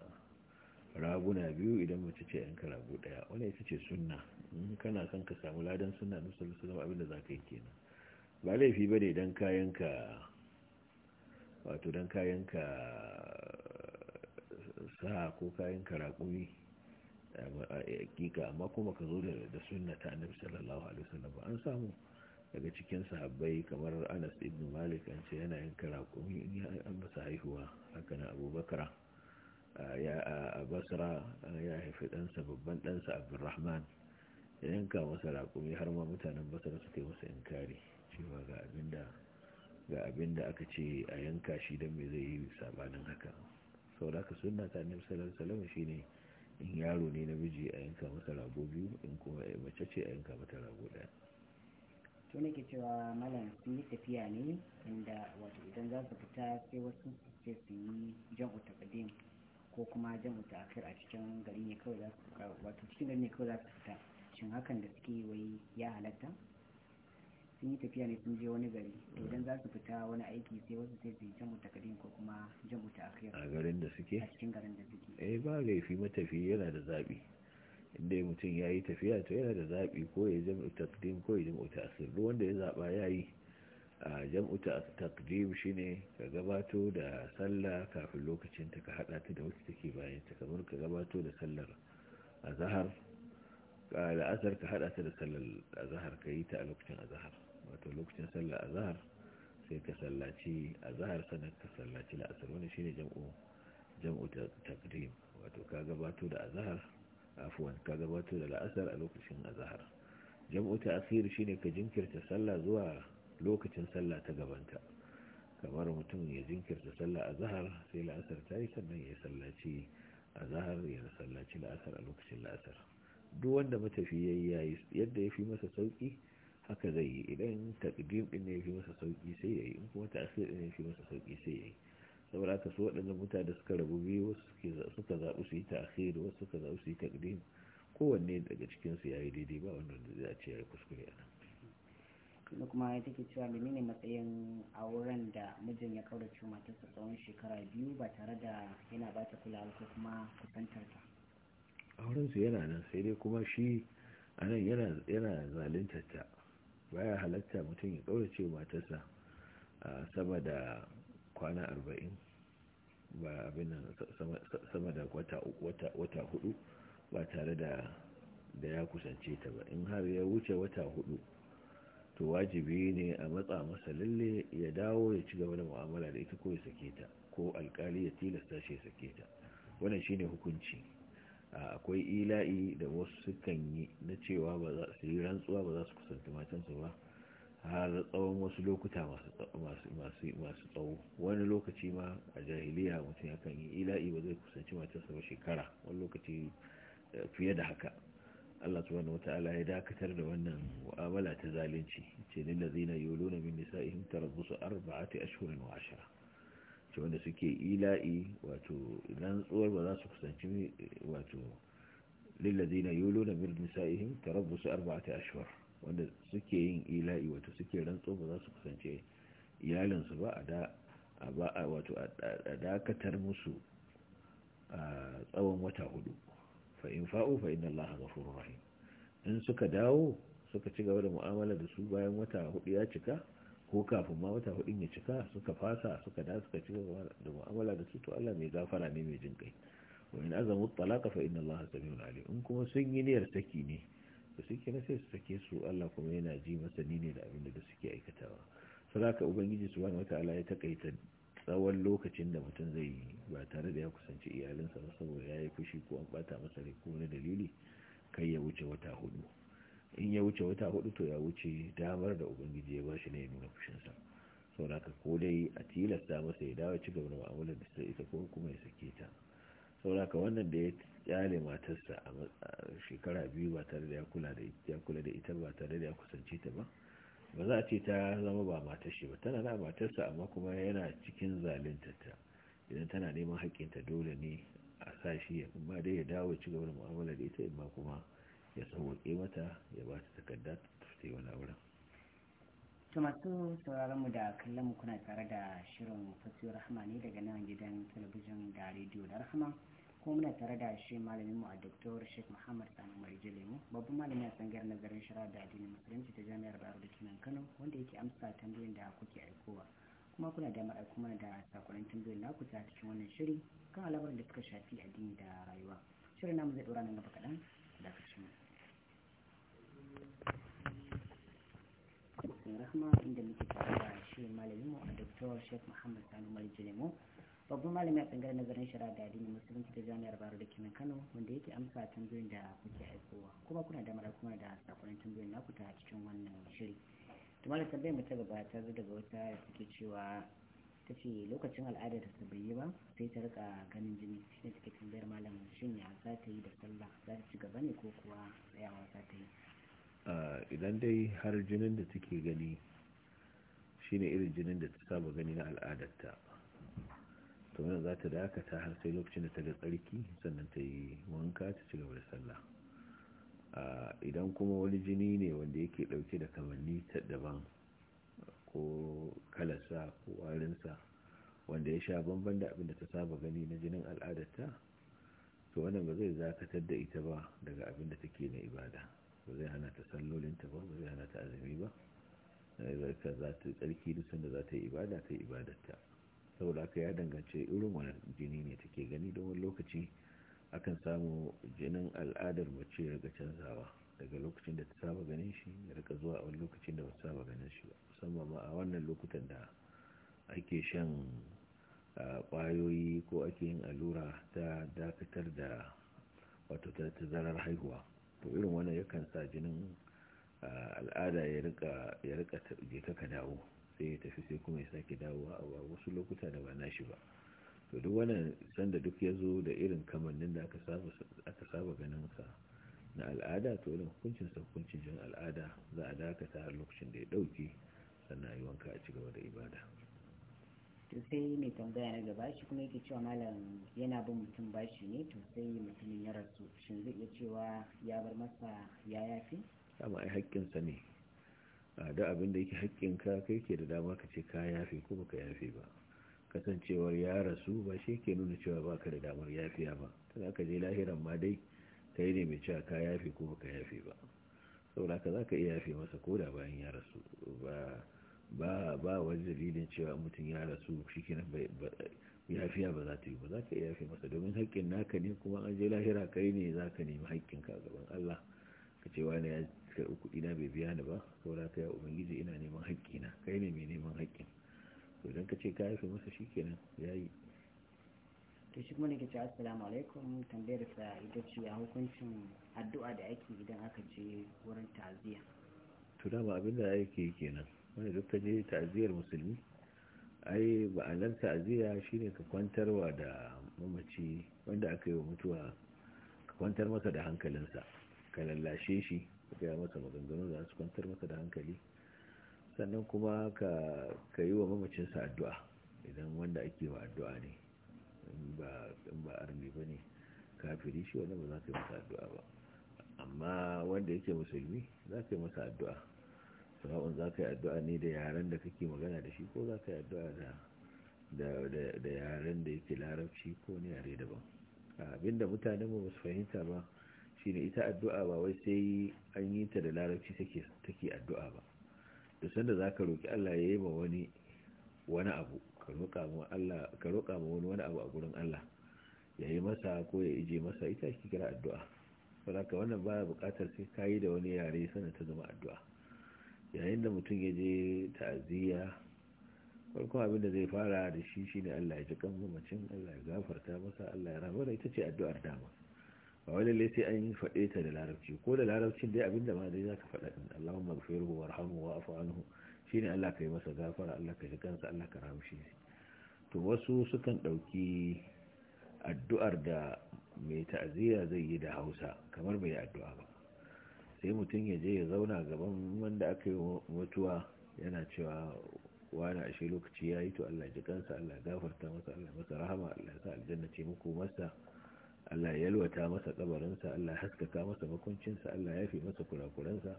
raguna biyu idan mace ce yanka rago daya wani ita ce sunna kana son ka samu ladan suna na abinda za ka yi kenan ba laifi ba ne don kayanka wato don kayanka sa ko kayanka raƙumi a hakika amma kuma ka zo da suna ta annabi sallallahu alaihi wasallam an samu daga cikin sahabbai kamar Anas ibn Malik an ce yana yin karakumi in ya an masa haihuwa haka na Abubakar ya a Basra ya haifi ɗansa babban ɗansa Abdurrahman ya yanka masa raƙumi har ma mutanen basar suka yi masa inkari cewa ga abin da ga aka ce a yanka shi don mai zai yi sabanin haka sau da ka suna ta annabi salar salama shi shine in yaro ne na miji a yanka masa rago biyu in kuma mace ce a yanka mata rago daya to ne ke cewa malam sun yi tafiya ne inda wato idan za su fita sai wasu ce su yi jan'u taqdim ko kuma jan'u ta'akhir a cikin gari ne kawai za su wato cikin gari ne kawai za su fita shin hakan da suke wai ya halatta sun yi tafiya ne sun je wani gari to idan za su fita wani aiki sai wasu sai su jan jamu takadin ko kuma jan jamu a akhir a garin da suke a cikin garin da suke eh ba laifi matafi yana da zabi inda ya mutum ya yi tafiya to yana da zabi ko ya jamu takdim ko ya jan ta akhir duk wanda ya zaba ya yi a jan jam'u takdim ne ka gabato da sallah kafin lokacin ta ka haɗa ta da wasu take bayan ta kamar ka gabato da sallar a zahar la'asar ka haɗa ta da sallar azahar ka yi ta a lokacin azahar wato lokacin sallar azahar sai ka sallaci azahar sannan ka sallaci la'asar wani shine jam'u jam'u takdim wato ka gabato da azahar afuwan ka gabato da la'asar a lokacin azahar jam'u ta'khir shine ka jinkirta sallah zuwa lokacin sallah ta gabanta kamar mutum ya jinkirta sallah azahar sai la'asar ta yi sannan ya sallaci azahar ya sallaci la'asar a lokacin la'asar duk wanda matafi ya yi yayi yadda ya fi masa sauki haka zai yi idan takdim din ne ya fi masa sauki sai ya in kuma ta'asir din ne ya fi masa sauki sai ya yi saboda haka su waɗannan mutane suka rabu biyu wasu suka zaɓi su yi ta'asir wasu suka zaɓi su yi takdim kowanne daga cikinsu ya yi daidai ba wanda zai a ce ya yi kuskure a nan kuma kuma ya take cewa ne matsayin auren da mijin ya cewa matarsa tsawon shekara biyu ba tare da yana ba ta kulawa ko kuma kusantar aurensu yana nan sai dai kuma shi a nan yana zaluntar ta baya halatta mutum ya ƙaurace matarsa a sama da kwana arba'in ba abin nan sama da wata hudu ba tare da ya kusance ta ba in har ya wuce wata hudu to wajibi ne a matsa masa lalle ya dawo ya ci gaba da mu'amala da ita ko ya sake ta ko alkali ya tilasta shi ya sake ta wannan shine hukunci akwai ila'i da wasu sukan yi na cewa ba za rantsuwa ba za su kusanci matansu ba har tsawon wasu lokuta masu tsawo wani lokaci ma a jahiliya mutum ya kan yi ila'i ba zai kusanci matarsa ba shekara wani lokaci eh, fiye da haka Allah wata ala ya dakatar da wannan mu'amala ta zalunci ce lil ladina yuluna min nisa'ihim tarabbusu arba'ati ashhurin wa ashara ce wanda suke ila'i wato rantsuwar ba za su kusanci wato na lillazina sa'ihin min nisa'ihim su arba'ata ashwar wanda suke yin ila'i wato suke rantsuwa ba za su kusance iyalinsu ba a a dakatar musu a tsawon wata hudu fa'in fa'o fa'in fa inna allaha in suka dawo suka ci gaba da mu'amala da su bayan wata hudu ya cika ko kafin ma wata hudun ya cika suka fasa suka da suka ci gaba da mu'amala da su to Allah mai gafara ne mai jin kai wa in azamu talaqa fa inna Allah samiun alim in kuma sun yi niyyar saki ne to suke na sai su sake su Allah kuma yana ji masani ne da abin da suke aikatawa saboda ubangiji subhanahu wataala ya takaita tsawon lokacin da mutum zai yi ba tare da ya kusanci iyalinsa ba saboda ya yi fushi ko an bata masa rai ko wani dalili kai ya wuce wata hudu in ya wuce wata hudu to ya wuce damar da ubangiji ya bashi ne ya nuna fushinsa sau da ka ko dai a tilasta masa ya dawo ci gaba da ma'amalar da sai ita ko kuma ya sake ta sau da ka wannan da ya kyale matarsa a shekara biyu ba tare da ya kula da ya kula da ita ba tare da ya kusance ta ba ba za a ce ta zama ba matar shi ba tana da matarsa amma kuma yana cikin zalunta ta idan tana neman haƙƙinta dole ne a sa shi ya kuma dai ya dawo ci gaba da mu'amala da ita amma kuma ya sauwaƙe mata ya ba ta takarda ta yi wani auren to masu sauraronmu da kallon mu kuna tare da shirin fasiyar rahama ne daga nan gidan talabijin da rediyo da rahama kuma muna tare da shi malaminmu a doktor sheikh muhammad sani marije lemu babban malami a tsangar nazarin shara da addinin musulunci ta jami'ar bayero da kenan kano wanda yake amsa tambayoyin da kuke aikowa kuma kuna da mara kuma da sakonin tambayoyin naku ta cikin wannan shiri kan al'amuran da suka shafi addini da rayuwa shirin namu zai dora nan gaba kaɗan da mai rahma inda muke tare da shi malamin mu a Dr. Sheikh Muhammad Sani Maljilimo babban malami a tsangar nazarin shari'a da addinin musulunci ta jami'ar Baro da Kenan Kano wanda yake amsa tambayoyin da kuke aikowa kuma kuna da mara kuma da sakonin tambayoyin naku ta cikin wannan shiri to malam tambayar mu ta gaba ta zo daga wata da take cewa ta ce lokacin al'adar ta bai ba sai ta rika ganin jini shi ne take tambayar malam shin ya za ta yi da sallah za ta ci gaba ne ko kuwa tsayawa za ta yi idan dai har jinin da take gani shine irin jinin da ta saba gani na al'adarta to yana za ta dakata har sai lokacin da ta ga tsarki sannan ta yi wanka ta ci gaba da sallah idan kuma wani jini ne wanda yake dauke da kamanni ta daban ko kalasa ko warinsa wanda ya sha bamban da abinda da ta saba gani na jinin al'adarta to wannan ba zai zakatar da ita ba daga abinda take na ibada ba zai hana ta sallolin ba ba zai hana ta azumi ba zarka za ta tsarki duk sanda za ta yi ibada ta yi ibadatta saboda aka ya dangance irin wani jini ne take gani don wani lokaci akan samu jinin al'adar mace daga canzawa daga lokacin da ta saba ganin shi ya rika zuwa a wani lokacin da ba ta saba ganin shi ba musamman ma a wannan lokutan da ake shan kwayoyi ko ake yin allura ta dakatar da wato ta zarar haihuwa to irin wannan yakan sa jinin al'ada ya rika ka dawo sai ya tafi sai kuma ya sake dawo a wasu lokuta da ba nashi ba to duk wannan sanda duk ya zo da irin kamannin da aka saba ganin sa na al'ada to irin hukuncin sa hukuncin jin al'ada za a dakata lokacin da ya dauke sannan a yi wanka a ci gaba da ibada to sai mai tambaya na gaba shi kuma yake cewa malam yana bin mutum bashi ne to sai mutumin ya rasu shin zai iya cewa ya bar masa ya yafi amma ai haƙƙinsa ne a da abin da yake ka kai ke da dama ka ce ka yafe ko baka yafe ba kasancewar ya rasu ba shi ke nuna cewa baka da damar yafiya ba tun ka je lahiran ma dai kai ne mai cewa ka yafi ko baka yafe ba saboda ka za ka iya yafe masa ko da bayan ya rasu ba ba ba wani dalilin cewa mutum ya rasu shi kenan yafiya ba za ta yi ba za ka iya yafi masa domin haƙƙin naka ne kuma an je lahira kai ne za ka nemi haƙƙin a gaban Allah ka ce wani ya karɓi kuɗi na bai biya ni ba ko za ka ya ubangiji ina neman na kai ne mai neman haƙƙin to idan ka ce ka yafi masa shi kenan ya yi to shi kuma ne ke ce assalamu alaikum tambayar sa ita ce a hukuncin addu'a da ake idan aka je wurin ta'aziyya to dama abin da ake yi kenan Wani duk ta je ta'aziyar musulmi ai ba'alar ta'aziyya shine ka kwantarwa da mamaci wanda aka yi wa mutuwa ka kwantar masa da hankalinsa ka lallashe shi ka yi masa maganganu da su kwantar masa da hankali sannan kuma ka yi wa mamacinsa addu'a idan wanda ake wa addu'a ne in ba armi ba ne kafiri shi wanda ba za ka yi masa addu'a ba amma wanda yake musulmi za ka yi masa addu'a sawa'un za ka yi addu'a ne da yaren da kake magana da shi ko za ka yi addu'a da yaren da yake larabci ko ne yare daban abinda mutane ba su fahimta ba shine ita addu'a ba wai sai an yi ta da larabci take addu'a ba da sanda za ka roƙi Allah ya yi ma wani wani abu ka roƙa ma wani wani abu a gurin Allah ya yi masa ko ya ije masa ita shi kira addu'a saboda wannan baya buƙatar sai ka yi da wani yare sana ta zama addu'a yayin da mutum ya je ta'aziyya farkon abin da zai fara da shi shine Allah ya ji kan mamacin Allah ya gafarta masa Allah ya da ita ce addu'ar dama ba wani lalle sai an yi faɗe ta da larabci ko da larabcin dai abin da ma dai zaka faɗa din wa ighfirhu warhamhu wa'fu anhu shine Allah ka yi masa gafara Allah ka ji kansa Allah ka rahamshe shi to wasu sukan ɗauki addu'ar da mai ta'aziyya zai yi da Hausa kamar bai yi addu'a ba sai mutum ya je ya zauna gaban wanda aka yi mutuwa yana cewa wani ashe lokaci ya yi to Allah ji kansa Allah gafarta masa Allah masa rahama Allah ya sa aljanna ce muku masa Allah ya yalwata masa kabarinsa Allah ya haskaka masa makuncinsa Allah ya fi masa kurakuransa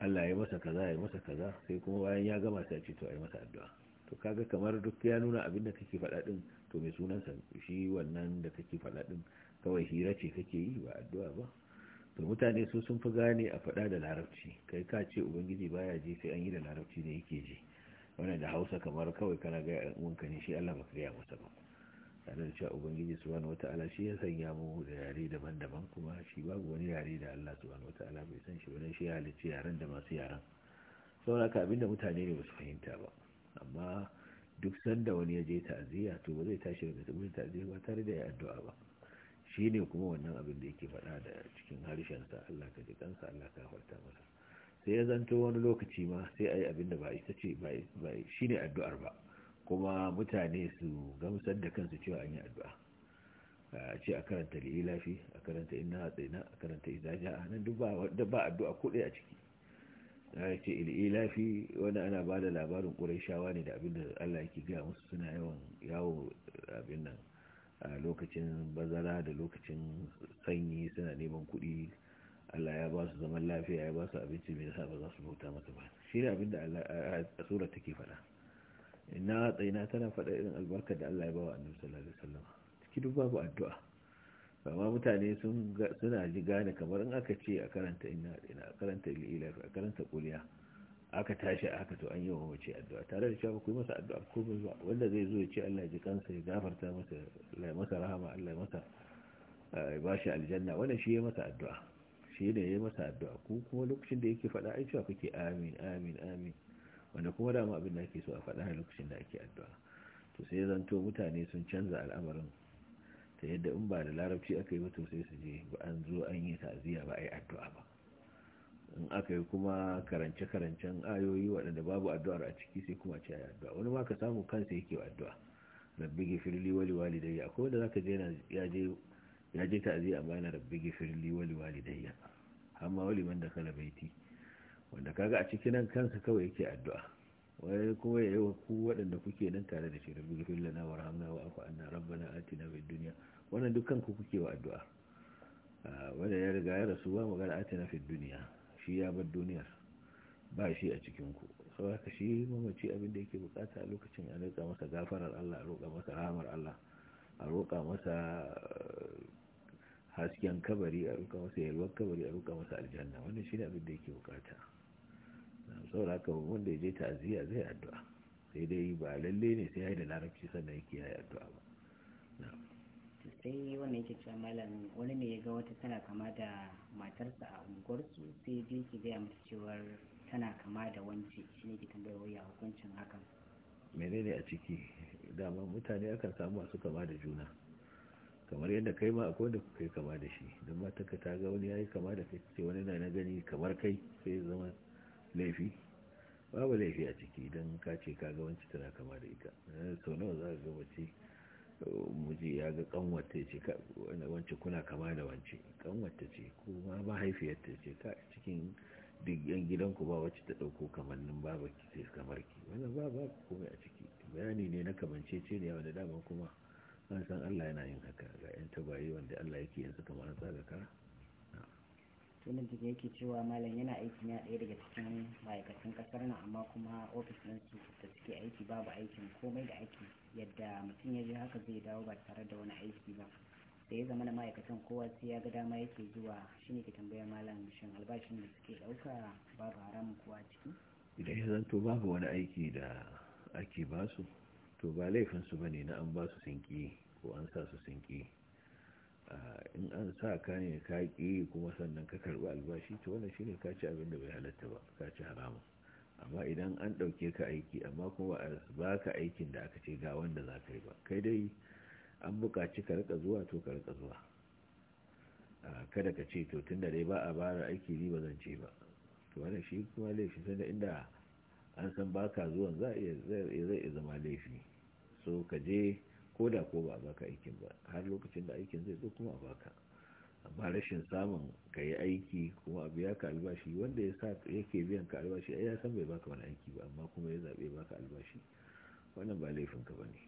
Allah ya masa kaza ya masa kaza sai kuma bayan ya gama sai ce to ai masa addu'a to kaga kamar duk ya nuna abin da kake faɗa din to mai sunansa shi wannan da kake faɗa din kawai hira ce kake yi ba addu'a ba to mutane su sun fi gane a faɗa da larabci kai ka ce ubangiji baya ji sai an yi da larabci ne yake ji wannan da hausa kamar kawai kana ga wanka ne shi allah baka gaya masa ba tare cewa ubangiji subhanahu wata'ala shi ya sanya mu da yare daban-daban kuma shi babu wani yare da allah subhanahu wata'ala bai san shi ba shi ya halicci yaren da masu yaren saboda ka da mutane ne ba su fahimta ba amma duk sanda wani ya je ta'aziyya to ba zai tashi daga tsibirin ta'aziyya ba tare da ya addu'a ba shi ne kuma wannan abin da yake faɗa da cikin sa, Allah ka ji kansa Allah ka farta masa sai ya zanto wani lokaci ma sai a yi abin da ba ita ce ba shi ne addu'ar ba kuma mutane su gamsar da kansu cewa an yi addu'a a ce a karanta lilafi a karanta inna hatsaina a karanta izaja nan duk ba addu'a kuɗi a ciki ya ce ililafi wani ana ba da labarin ƙurai shawa ne da abin da Allah yake gaya musu suna yawan yawo abin nan a lokacin bazara da lokacin sanyi suna neman kuɗi Allah ya ba su zaman lafiya ya ba su abinci mai nasa ba za su bauta masa ba shi ne da a sura take faɗa ina tsaina tana faɗa irin albarkar da Allah ya ba wa annabi sallallahu alaihi wasallam ciki duk babu addu'a amma mutane sun suna ji gane kamar in aka ce a karanta ina a karanta ilila a karanta kuliya aka tashi aka to an yi wa wace addu'a tare da cewa ku yi masa addu'a ko ba zuwa wanda zai zo ya ce Allah ya ji kansa ya gafarta masa Allah ya masa rahama Allah ya masa eh, ya ba shi aljanna wannan shi ya masa addu'a shi ne ya masa addu'a ku kuma lokacin da yake faɗa ai cewa kake amin amin amin wanda kuma dama abin da ake so a faɗa lokacin da ake addu'a to sai zanto mutane sun canza al'amarin ta yadda in ba da larabci aka yi ba to sai su je ba an zo an yi ta'aziyya ba a yi addu'a ba in aka yi kuma karance-karancen ayoyi waɗanda babu addu'ar a ciki sai kuma ce addu'a wani ma ka samu kansa yake addu'a rabbi gifirli wali walidayya akwai da zaka je ya je ta'azi amma yana rabbi gifirli wali walidayya amma wali man da kala baiti wanda kaga a cikin nan kansa kawai yake addu'a wai kuma ya wa ku waɗanda kuke nan tare da shi rabbi gifirli lana warhamna wa afa anna rabbana atina fid dunya wannan dukkan ku kuke wa addu'a ah, wanda ya riga ya rasu ba magana atina fid dunya shi ya bar duniyar ba shi a cikin sau haka shi mamaci abin da yake bukata a lokacin a roƙa masa gafarar Allah a roƙa masa ramar Allah a roƙa masa eh, hasken kabari a roƙa masa yalwar kabari a roƙa masa aljanna wannan shi ne abin da yake bukata sau haka wanda ya je ta'aziyya zai addu'a sai dai ba lalle ne sai ya yi da larabci sannan yake ya yi addu'a ba sai wannan yake cewa malam wani ne ya ga wata tana kama da matarsa a unguwarsu sai je ki gaya mata cewa tana kama da wance shi ne ke tambayar waya hukuncin hakan menene a ciki dama mutane akan samu masu kama da juna kamar yadda kai ma akwai da kai kama da shi don taka ta ga wani yayi kama da kai ce wani na na gani kamar kai sai zama laifi babu laifi a ciki don ka ce ka ga wancan tana kama da ita eh, sau nawa za ka ga mace muji ya ga kanwata ce wance kuna kama da wance kanwata ce kuma mahaifiyarta ce ka cikin digyan gidanku ba wacce ta ɗauko kamannin baba ki sai kamar ki wannan ba ba komai a ciki bayani ne na kamance ce ne wanda daban dama kuma an san Allah yana yin haka ga yan tabayi wanda Allah yake yanzu kamar an tsaga kara tunan da yake cewa malam yana aiki na ɗaya daga cikin ma'aikatan kasar nan amma kuma ofis ɗin su da suke aiki babu aikin komai da aiki. yadda mutum ya je haka zai dawo ba tare da wani aiki ba da ya zama na ma'aikatan kowa sai ya ga dama yake zuwa shi ne ke tambaya malam shin albashin da suke ɗauka babu haramun kowa ciki idan ya zanto babu wani aiki da ake basu to ba laifinsu ba ne na an ba su sinki ko an sa su sinki in an sa ka ne ka ƙi kuma sannan ka karɓi albashi to wannan shine ka ci abin da bai halatta ba ka ci haramun amma idan an ɗauke ka aiki amma kuma a ba ka aikin da aka ce ga wanda za ka yi ba kai dai an buƙaci ka rika zuwa to ka rika zuwa kada ka ce to tun da dai ba a bara aiki ni ba zan ce ba to wannan shi kuma laifi sai da inda an san ba ka zuwan za a iya zama laifi so ka je ko da ko ba a baka aikin ba har lokacin da aikin zai zo kuma a baka amma rashin samun ka yi aiki kuma a biya ka albashi wanda ya sa yake biyan ka albashi ai ya san bai baka wani aiki ba amma kuma ya zaɓe baka albashi wannan ba laifin ka bane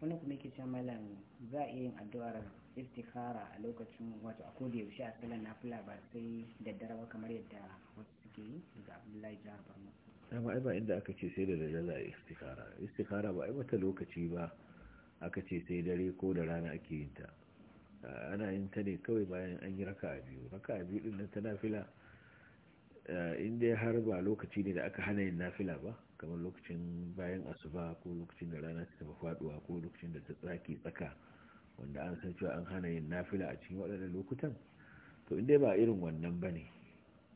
wani kuma yake cewa malam za a iya yin addu'ar istikhara a lokacin wato a koda yaushe a sallar nafila ba sai da kamar yadda wasu suke yi daga abdullahi jihar borno dama ai ba inda aka ce sai da dare za a yi istikhara istikhara ba ai wata lokaci ba aka ce sai dare ko da rana ake yin ta ana yin ta ne kawai bayan an yi raka a biyu raka a biyu din ta nafila eh, in dai har ba lokaci ne da aka hana yin nafila ba kamar lokacin bayan asuba ko lokacin da rana ta tafi faduwa ko lokacin da ta tsaki tsaka wanda an san cewa an hana yin nafila a cikin waɗannan lokutan to in ba irin wannan ba ne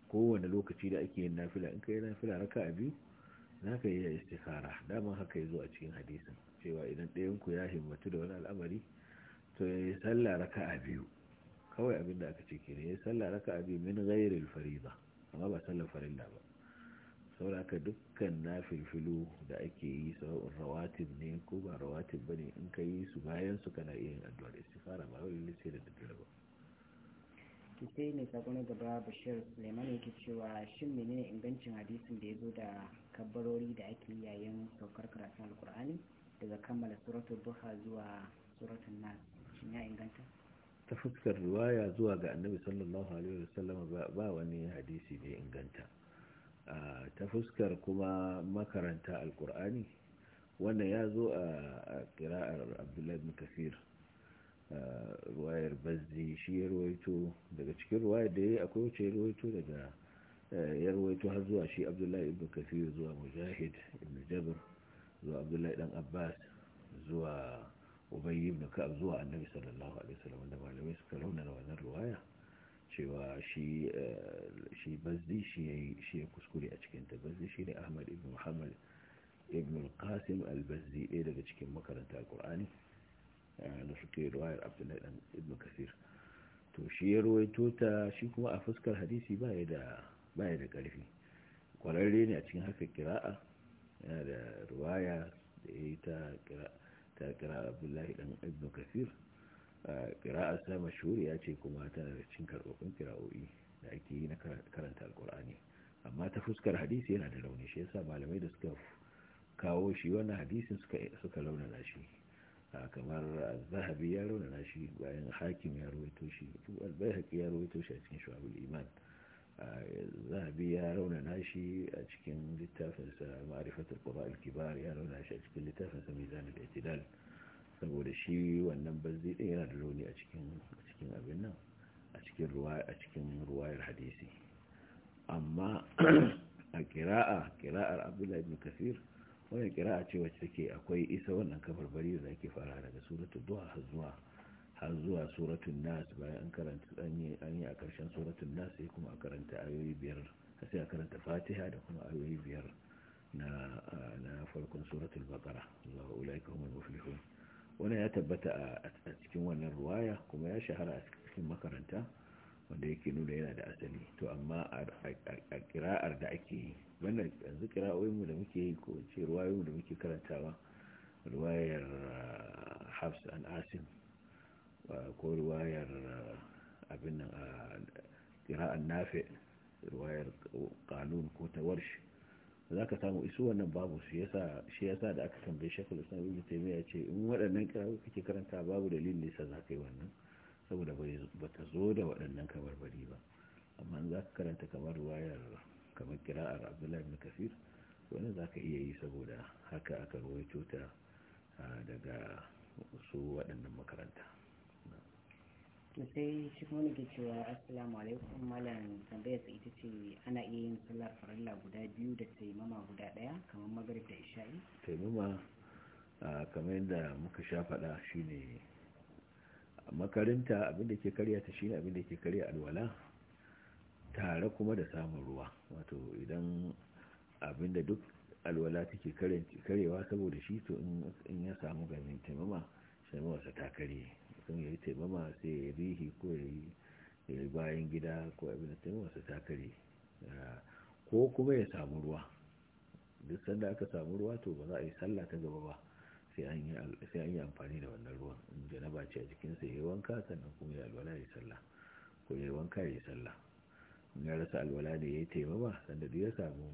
kowane lokaci da ake yin nafila in ka yi nafila raka a biyu za ka yi istikhara dama haka ya zo a cikin hadisin cewa idan ɗayan ku ya himmatu da wani al'amari to ya yi sallah a biyu kawai abin da aka ce ke ne ya sallah a biyu min ghairil ba amma ba sallar farilla ba saboda haka dukkan na filfilo da ake yi sauran rawatin ne ko ba rawatin ba ne in ka yi su bayan su kana iya yin addu'a da istifara ba wani lissi da daddare ba sai ne sako na gaba bashir suleiman yake cewa shin menene ingancin hadisin da ya zo da kabarori da ake yayin saukar karatun alkur'ani daga kammala suratul duha zuwa suratul nas ya inganta ta fuskar ruwaya zuwa ga annabi sallallahu alaihi wasallam ba wani hadisi ne inganta ta fuskar kuma makaranta alkur'ani wanda ya zo a kira'ar abdullahi bin kasir ruwayar bazzi shi ya ruwaito daga cikin ruwaya da ya akwai wuce ya ruwaito daga ya ruwaito har zuwa shi abdullahi ibn kasir zuwa mujahid ibn jabir zuwa abdullahi dan abbas zuwa ubayy ibn ka'ab zuwa annabi sallallahu alaihi wasallam da malamai suka rauna da wannan ruwaya cewa shi eh, shi bazdi shi ya kuskure a cikin ta bazdi shi ne ahmad ibn muhammad ibn qasim al-bazdi ɗaya daga cikin makaranta al-qur'ani da eh, suke ruwayar abdullahi dan ibn kasir to shi ya ruwaito ta shi kuma a fuskar hadisi ba ya da karfi kwararre ne a cikin haka kira'a yana da ruwaya da ya yi ta kira'a ta kira abdullahi dan ibn kafir ƙira'arsa mashuri ya ce kuma tana da cin karɓaɓɓun kira'o'i da ake yi na karanta al'kur'ani amma ta fuskar hadisi yana da rauni shi yasa malamai da suka kawo shi wannan hadisin suka launana shi kamar zahabi ya launana shi bayan hakim ya rawaito shi ya rawaito shi a cikin shu'abul iman zahabi ya raunana shi a cikin littafinsa ma'arifatul qura al ya raunana shi a cikin littafinsa mizan al-i'tidal saboda shi wannan bazzi din yana da rauni a cikin abin nan a cikin ruwayar hadisi amma a qira'a qira'ar abdullah ibn kasir wannan qira'a ce wacce take akwai isa wannan kafar bari da ake fara daga suratul duha har zuwa har zuwa suratun nas bayan an karanta an a karshen suratun nas sai kuma a karanta ayoyi biyar sai a karanta fatiha da kuma ayoyi biyar na farkon suratul baqara Allahu ulaika humul muflihun wannan ya tabbata a cikin wannan ruwaya kuma ya shahara a cikin makaranta wanda yake nuna yana da asali to amma a kira'ar da ake yi wannan yanzu mu da muke yi ko ce ruwayoyinmu da muke karantawa ruwayar hafs an asim ko ruwayar abin nan a kira'an nafe ruwayar kanun ko ta Warshe, za ka samu isu wannan babu shi yasa da aka tambaye shekul islam ibn taymiya ce in waɗannan kirawo kake karanta babu dalilin nisa za ka yi wannan saboda ba ta zo da waɗannan kamar bari ba amma za ka karanta kamar ruwayar kamar kira'ar abdullahi ibn kafir wani za ka iya yi saboda haka aka rawaito ta daga su waɗannan makaranta to sai shi kuma nake cewa assalamu alaikum malam tambayar sa ita ce ana iya yin sallar farilla guda biyu da taimama guda daya kamar magrib da isha'i taimama kamar yadda muka sha faɗa shine makarinta abinda ke karya ta shine abinda ke karya alwala tare kuma da samun ruwa wato idan abinda duk alwala take karyewa saboda shi to in ya samu gamin taimama sai mawasa ta karye kan ya yi taimama sai ya rihi ko ya yi bayan gida ko abin da taimama su ta kare ko kuma ya samu ruwa duk sanda aka samu ruwa to ba za a yi sallah ta gaba ba sai an yi amfani da wannan ruwan janaba ce a jikinsa ya yi wanka sannan kuma ya alwala ya yi sallah ko ya yi wanka ya yi sallah ya rasa alwala ne ya yi taimama sanda duk ya samu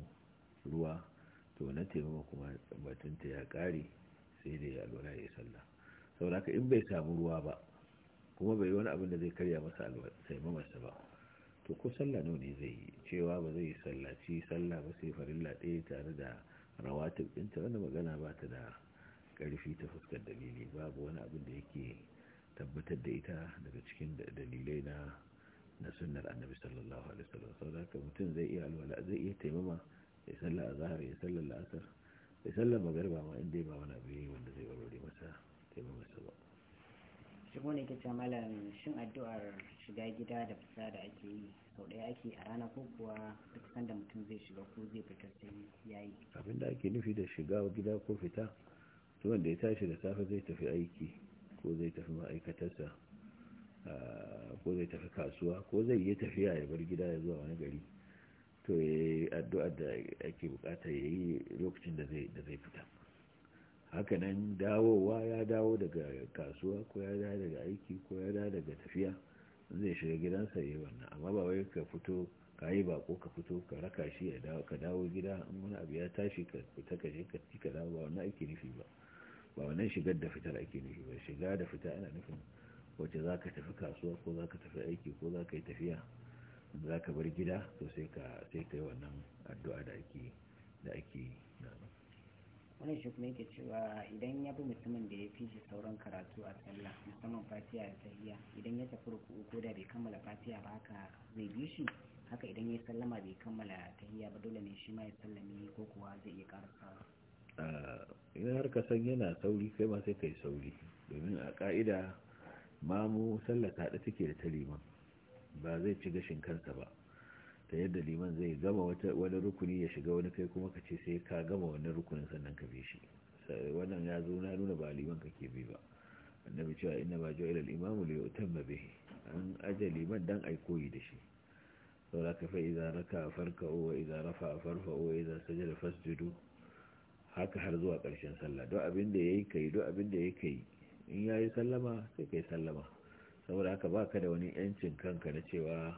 ruwa to na taimama kuma batunta ya kare sai da ya alwala ya yi sallah sauraka in bai samu ruwa ba kuma bai wani abin da zai karya masa saimamarsa ba to ko sallah nawa ne zai yi cewa ba zai yi sallaci sallah ba sai farilla ɗaya tare da rawatin ɗinta wanda magana ba ta da ƙarfi ta fuskar dalili babu wani abin da yake tabbatar da ita daga cikin dalilai na na sunnar annabi sallallahu alaihi wasallam saboda mutum zai iya alwala zai iya taimama ya sallah azhar ya sallah la'asar ya sallah magriba ma inda ba wani abu wanda zai warware masa taimamarsa ba shigo ne ke ce malam shin addu'ar shiga gida da fita da ake yi sau ɗaya ake a rana ko kuwa duk sanda mutum zai shiga ko zai fita sai ya yi abin da ake nufi da shiga gida ko fita to wanda ya tashi da safe zai tafi aiki ko zai tafi ma'aikatarsa ko zai tafi kasuwa ko zai yi tafiya ya bar gida ya zuwa wani gari to ya yi addu'ar da ake bukata ya yi lokacin da zai fita hakanan dawowa ya dawo daga kasuwa ko ya dawo daga aiki ko ya dawo daga tafiya zai shiga gidansa yi wannan amma ba wai ka fito ka yi ba ko ka fito ka raka shi ya dawo ka dawo gida in wani abu ya tashi ka fita ka je ka ci ka dawo ba wannan ake nufi ba ba wannan shigar da fitar ake nufi ba shiga da fita ana nufin wacce za ka tafi kasuwa ko za ka tafi aiki ko za ka yi tafiya za ka bar gida to sai ka yi wannan addu'a da ake yi wannan shi kuma yake cewa idan ya bi mutumin da ya fi shi sauran karatu a sallah musamman fatiha da tahiya idan ya tafi ruku'u ko da bai kammala fatiya ba haka zai bi shi haka idan ya sallama bai kammala tahiya ba dole ne shi ma ya sallame ko kuwa zai iya karasa idan har ka san yana sauri kai ma sai kai sauri domin a ka'ida mamu sallah ta haɗe take da ta ba zai ci gashin kansa ba ta yadda liman zai gama wani rukuni ya shiga wani kai kuma ka ce sai ka gama wani rukunin sannan ka bi shi wannan ya zo na nuna ba liman ke bi ba annabi cewa inna ma ju'ila al-imamu li yutamma bihi an aja liman dan ai koyi da shi saboda ka fa idza raka farka'u wa idza rafa farfa'u wa idza sajada fasjudu haka har zuwa karshen sallah duk abin da yayi kai duk abin da yayi kai in yayi sallama sai kai sallama saboda haka baka da wani yancin kanka na cewa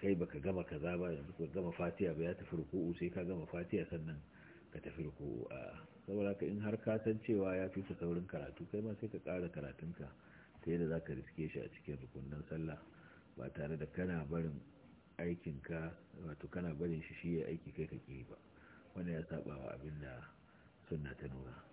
kai baka gama kaza ba yanzu ka gama fatiya ba ya tafi ruku'u sai ka gama fatiya sannan ka tafi ruku'u a saboda ka in har ka san cewa ya fi saurin karatu kai ma sai ka ƙara karatunka ta yadda za ka riske shi a cikin rukunin sallah ba tare da kana barin aikinka wato kana barin shi shi ya aiki kai ka ƙi ba wannan ya saba wa abin da sunna ta nuna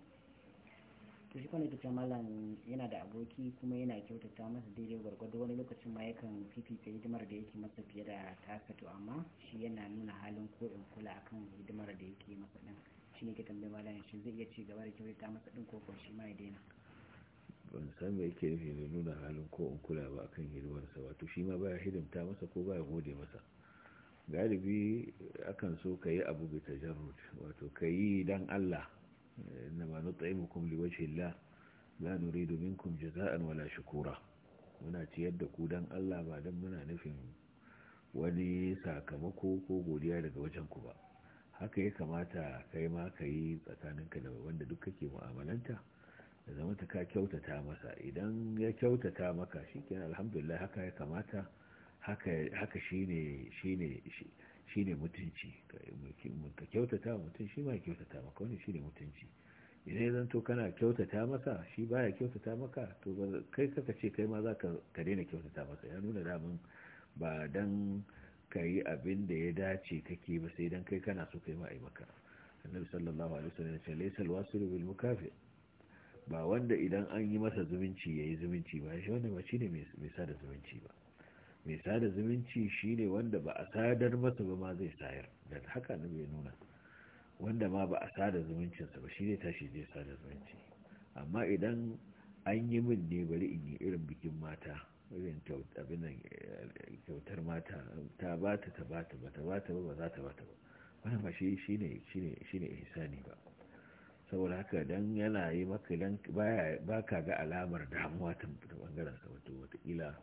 to shi kwanan ta malam yana da aboki kuma yana kyautata masa daidai gwargwado wani lokacin ma yakan fifita hidimar da yake masa fiye da taka to amma shi yana nuna halin ko in kula akan hidimar da yake masa din shi ne ke tambayi malam shi zai iya ci gaba da kyautata masa din ko kwanci ma ya daina ban san me yake nufi da nuna halin ko in kula ba akan hidimarsa wato shi ma baya hidimta masa ko baya gode masa galibi akan so ka yi abu ta jarrut wato ka yi dan Allah إنما نطعمكم لوجه الله لا نريد منكم جزاء ولا شكورا muna ciyar da ku don Allah ba don muna nufin wani sakamako ko godiya daga wajen ku ba haka ya kamata kai ma ka yi tsakaninka da wanda duk kake mu'amalanta da zama ta ka kyautata masa idan ya kyautata maka shi kenan alhamdulillah haka ya kamata haka shi ne shi ne mutunci ka kyautata mutum shi ma ya kyautata maka wani shi ne mutunci idan ya zanto kana kyautata masa shi baya kyautata maka to kai kaka ce kai ma za ka daina kyautata masa ya nuna damun ba dan ka yi abin da ya dace kake ba sai dan kai kana so kai ma ai maka annabi sallallahu alaihi wasallam ya ce laysa alwasilu bil mukafi ba wanda idan an yi masa zumunci yayi zumunci ba shi wanda ba shine mai sa da zumunci ba mai sada zumunci shine wanda ba a sadar masa ba ma zai sayar da haka na bai nuna wanda ma ba a sada zumuncinsa ba shine tashi zai sada zumunci amma idan an yi min ne bari in yi irin bikin mata irin eh, kyautar mata ta bata ta bata ba ta bata ba ba za ta bata ba wani ba shi ne ihsani ba saboda haka dan yana yi maka dan baya baka ga alamar damuwa ta bangaren sa wato wata ila.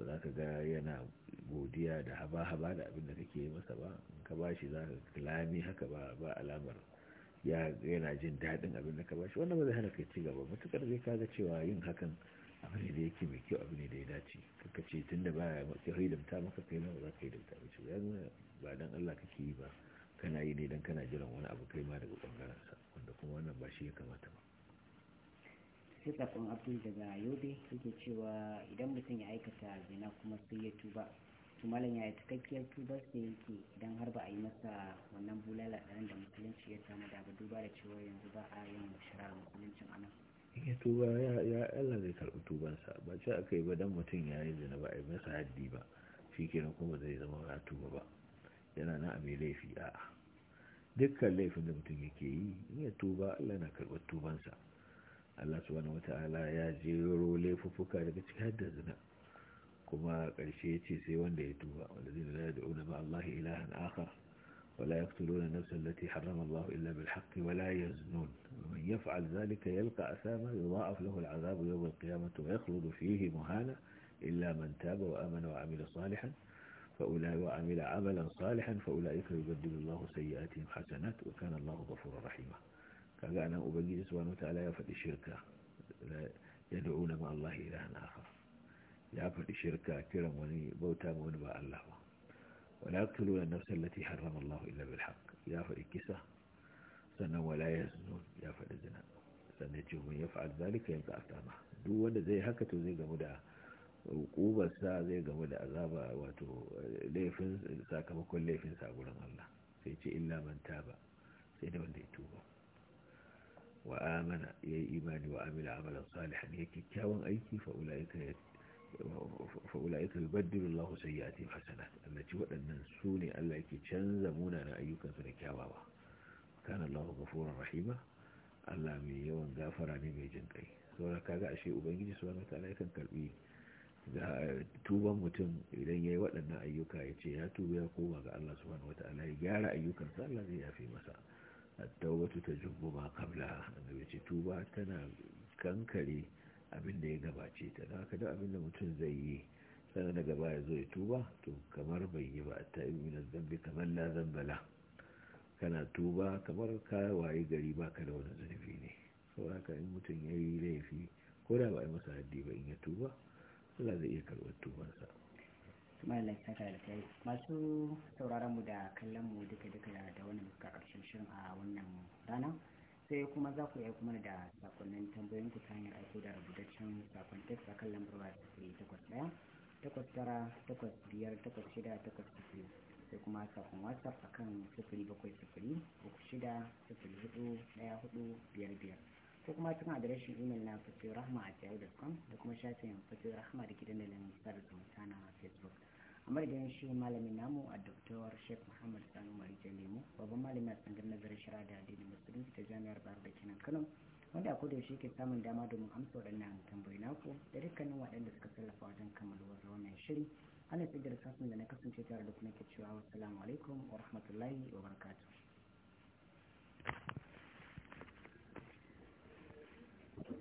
ba za ka ga yana godiya da haba-haba da abin da kake yi masa ba in ka bashi za ka kalami haka ba ba alamar ya yana jin daɗin abin da ka bashi wannan ba zai hana ka ci gaba matukar zai kaga cewa yin hakan abu ne da yake mai kyau abu ne da ya dace kaka ce tun da baya matsayin hidimta maka kai ma ba za ka hidimta ba ce yanzu ba dan Allah kake yi ba kana yi ne dan kana jiran wani abu kai ma daga bangaren sa wanda kuma wannan ba shi ya kamata ba sikafin abdul daga yobe suke cewa idan mutum ya aikata zina kuma sai ya tuba su malam ya cikakkiyar tubar sai yake idan har ba a yi masa wannan bulala ɗarin da musulunci ya samu da ba duba da cewa yanzu ba a yin shirar musuluncin anan eh, ya tuba ya Allah zai karɓi tubansa ba ce aka yi ba dan mutum ya yi zina ba a yi masa haddi ba shi kenan kuma zai zama ya tuba ba yana na mai laifi a'a dukkan laifin da mutum yake yi in ya tuba Allah na karɓar tubansa Allah subhanahu wata'ala ya jero laifuffuka daga cikin haddar zina kuma ƙarshe ya ce sai wanda ya tuba wanda zai da da'una ma Allah ilahan akhar ولا يقتلون النفس التي حرم الله إلا بالحق ولا يزنون ومن يفعل ذلك يلقى أثاما يضاعف له العذاب يوم القيامة ويخلد فيه مهانة إلا من تاب وآمن وعمل صالحا فأولئك وعمل عملا صالحا فأولئك يبدل الله سيئاتهم حسنات وكان الله غفورا رحيما kaga anan ubangiji subhanahu wataala ya faɗi shirka ya da'una ma Allah ilahan akhar ya faɗi shirka kiran wani bauta ma wani ba Allah ba wala yaqtuluna an-nafsa allati harrama Allah illa bil haqq ya faɗi kisa sannan wala yaznun ya faɗi zina sannan ce mun yaf'al zalika yanka atama duk wanda zai haka to zai gamu da hukubarsa zai gamu da azaba wato laifin sakamakon laifinsa a gurin Allah sai ce illa man taba sai da wanda ya tuba wa amana ya yi imani wa amila amalan ne ya kyakkyawan aiki fa'ula'ika yi baddilin lahu sai ya ce allah allaci waɗannan su ne allah yake canza munanan ayyukansa da kyawawa kan allahu gafuran rahima allah mai yawan gafara ne mai jin kai saura kaga ashe ubangiji su wani tala yakan karbi da tuban mutum idan ya yi waɗannan ayyuka ya ce ya tuba ya koma ga allah subhanahu wata allah ya gyara ayyukansa allah zai fi masa at ta tajubbu ma qablaha annabi ce tuba tana kankare abin da ya gabace ta haka duk abin da mutum zai yi da gaba ya zo ya tuba to kamar bai yi ba at-taibu min adh kamar la zambala kana tuba kamar ka waye gari ka da wani zunubi ne saboda haka in mutum ya yi laifi ko da ba a yi masa haddi ba in ya tuba Allah zai iya karɓar tubansa malam saka da masu sauraron mu da kallon mu duka duka da wannan muka karshen shirin a wannan rana sai kuma za ku yi kuma da sakonnin tambayoyin ku ta hanyar aiko da rubutaccen sakon text akan lambar waya sifiri takwas ɗaya takwas tara takwas biyar takwas shida takwas sifiri sai kuma sakon whatsapp kan sifiri bakwai sifiri uku shida sifiri hudu ɗaya hudu biyar biyar ko kuma cikin adireshin imel na fasirahma a da kuma shafin fasirahma da gidan dalilin sarar zumunta na facebook a madadin shi malamin namu a doktor sheik muhammad sanu marijan lemu babban malamin a tsangar nazarin shara da addinin musulunci ta jami'ar bayar da kenan kano wanda a kodayaushe ke samun dama domin amsa waɗannan tambayi naku da dukkanin waɗanda suka tallafa wajen wasu wannan shiri ana tsigar sasun da na kasance tare da kuma ke cewa wasu alaikum wa rahmatullahi wa barakatuh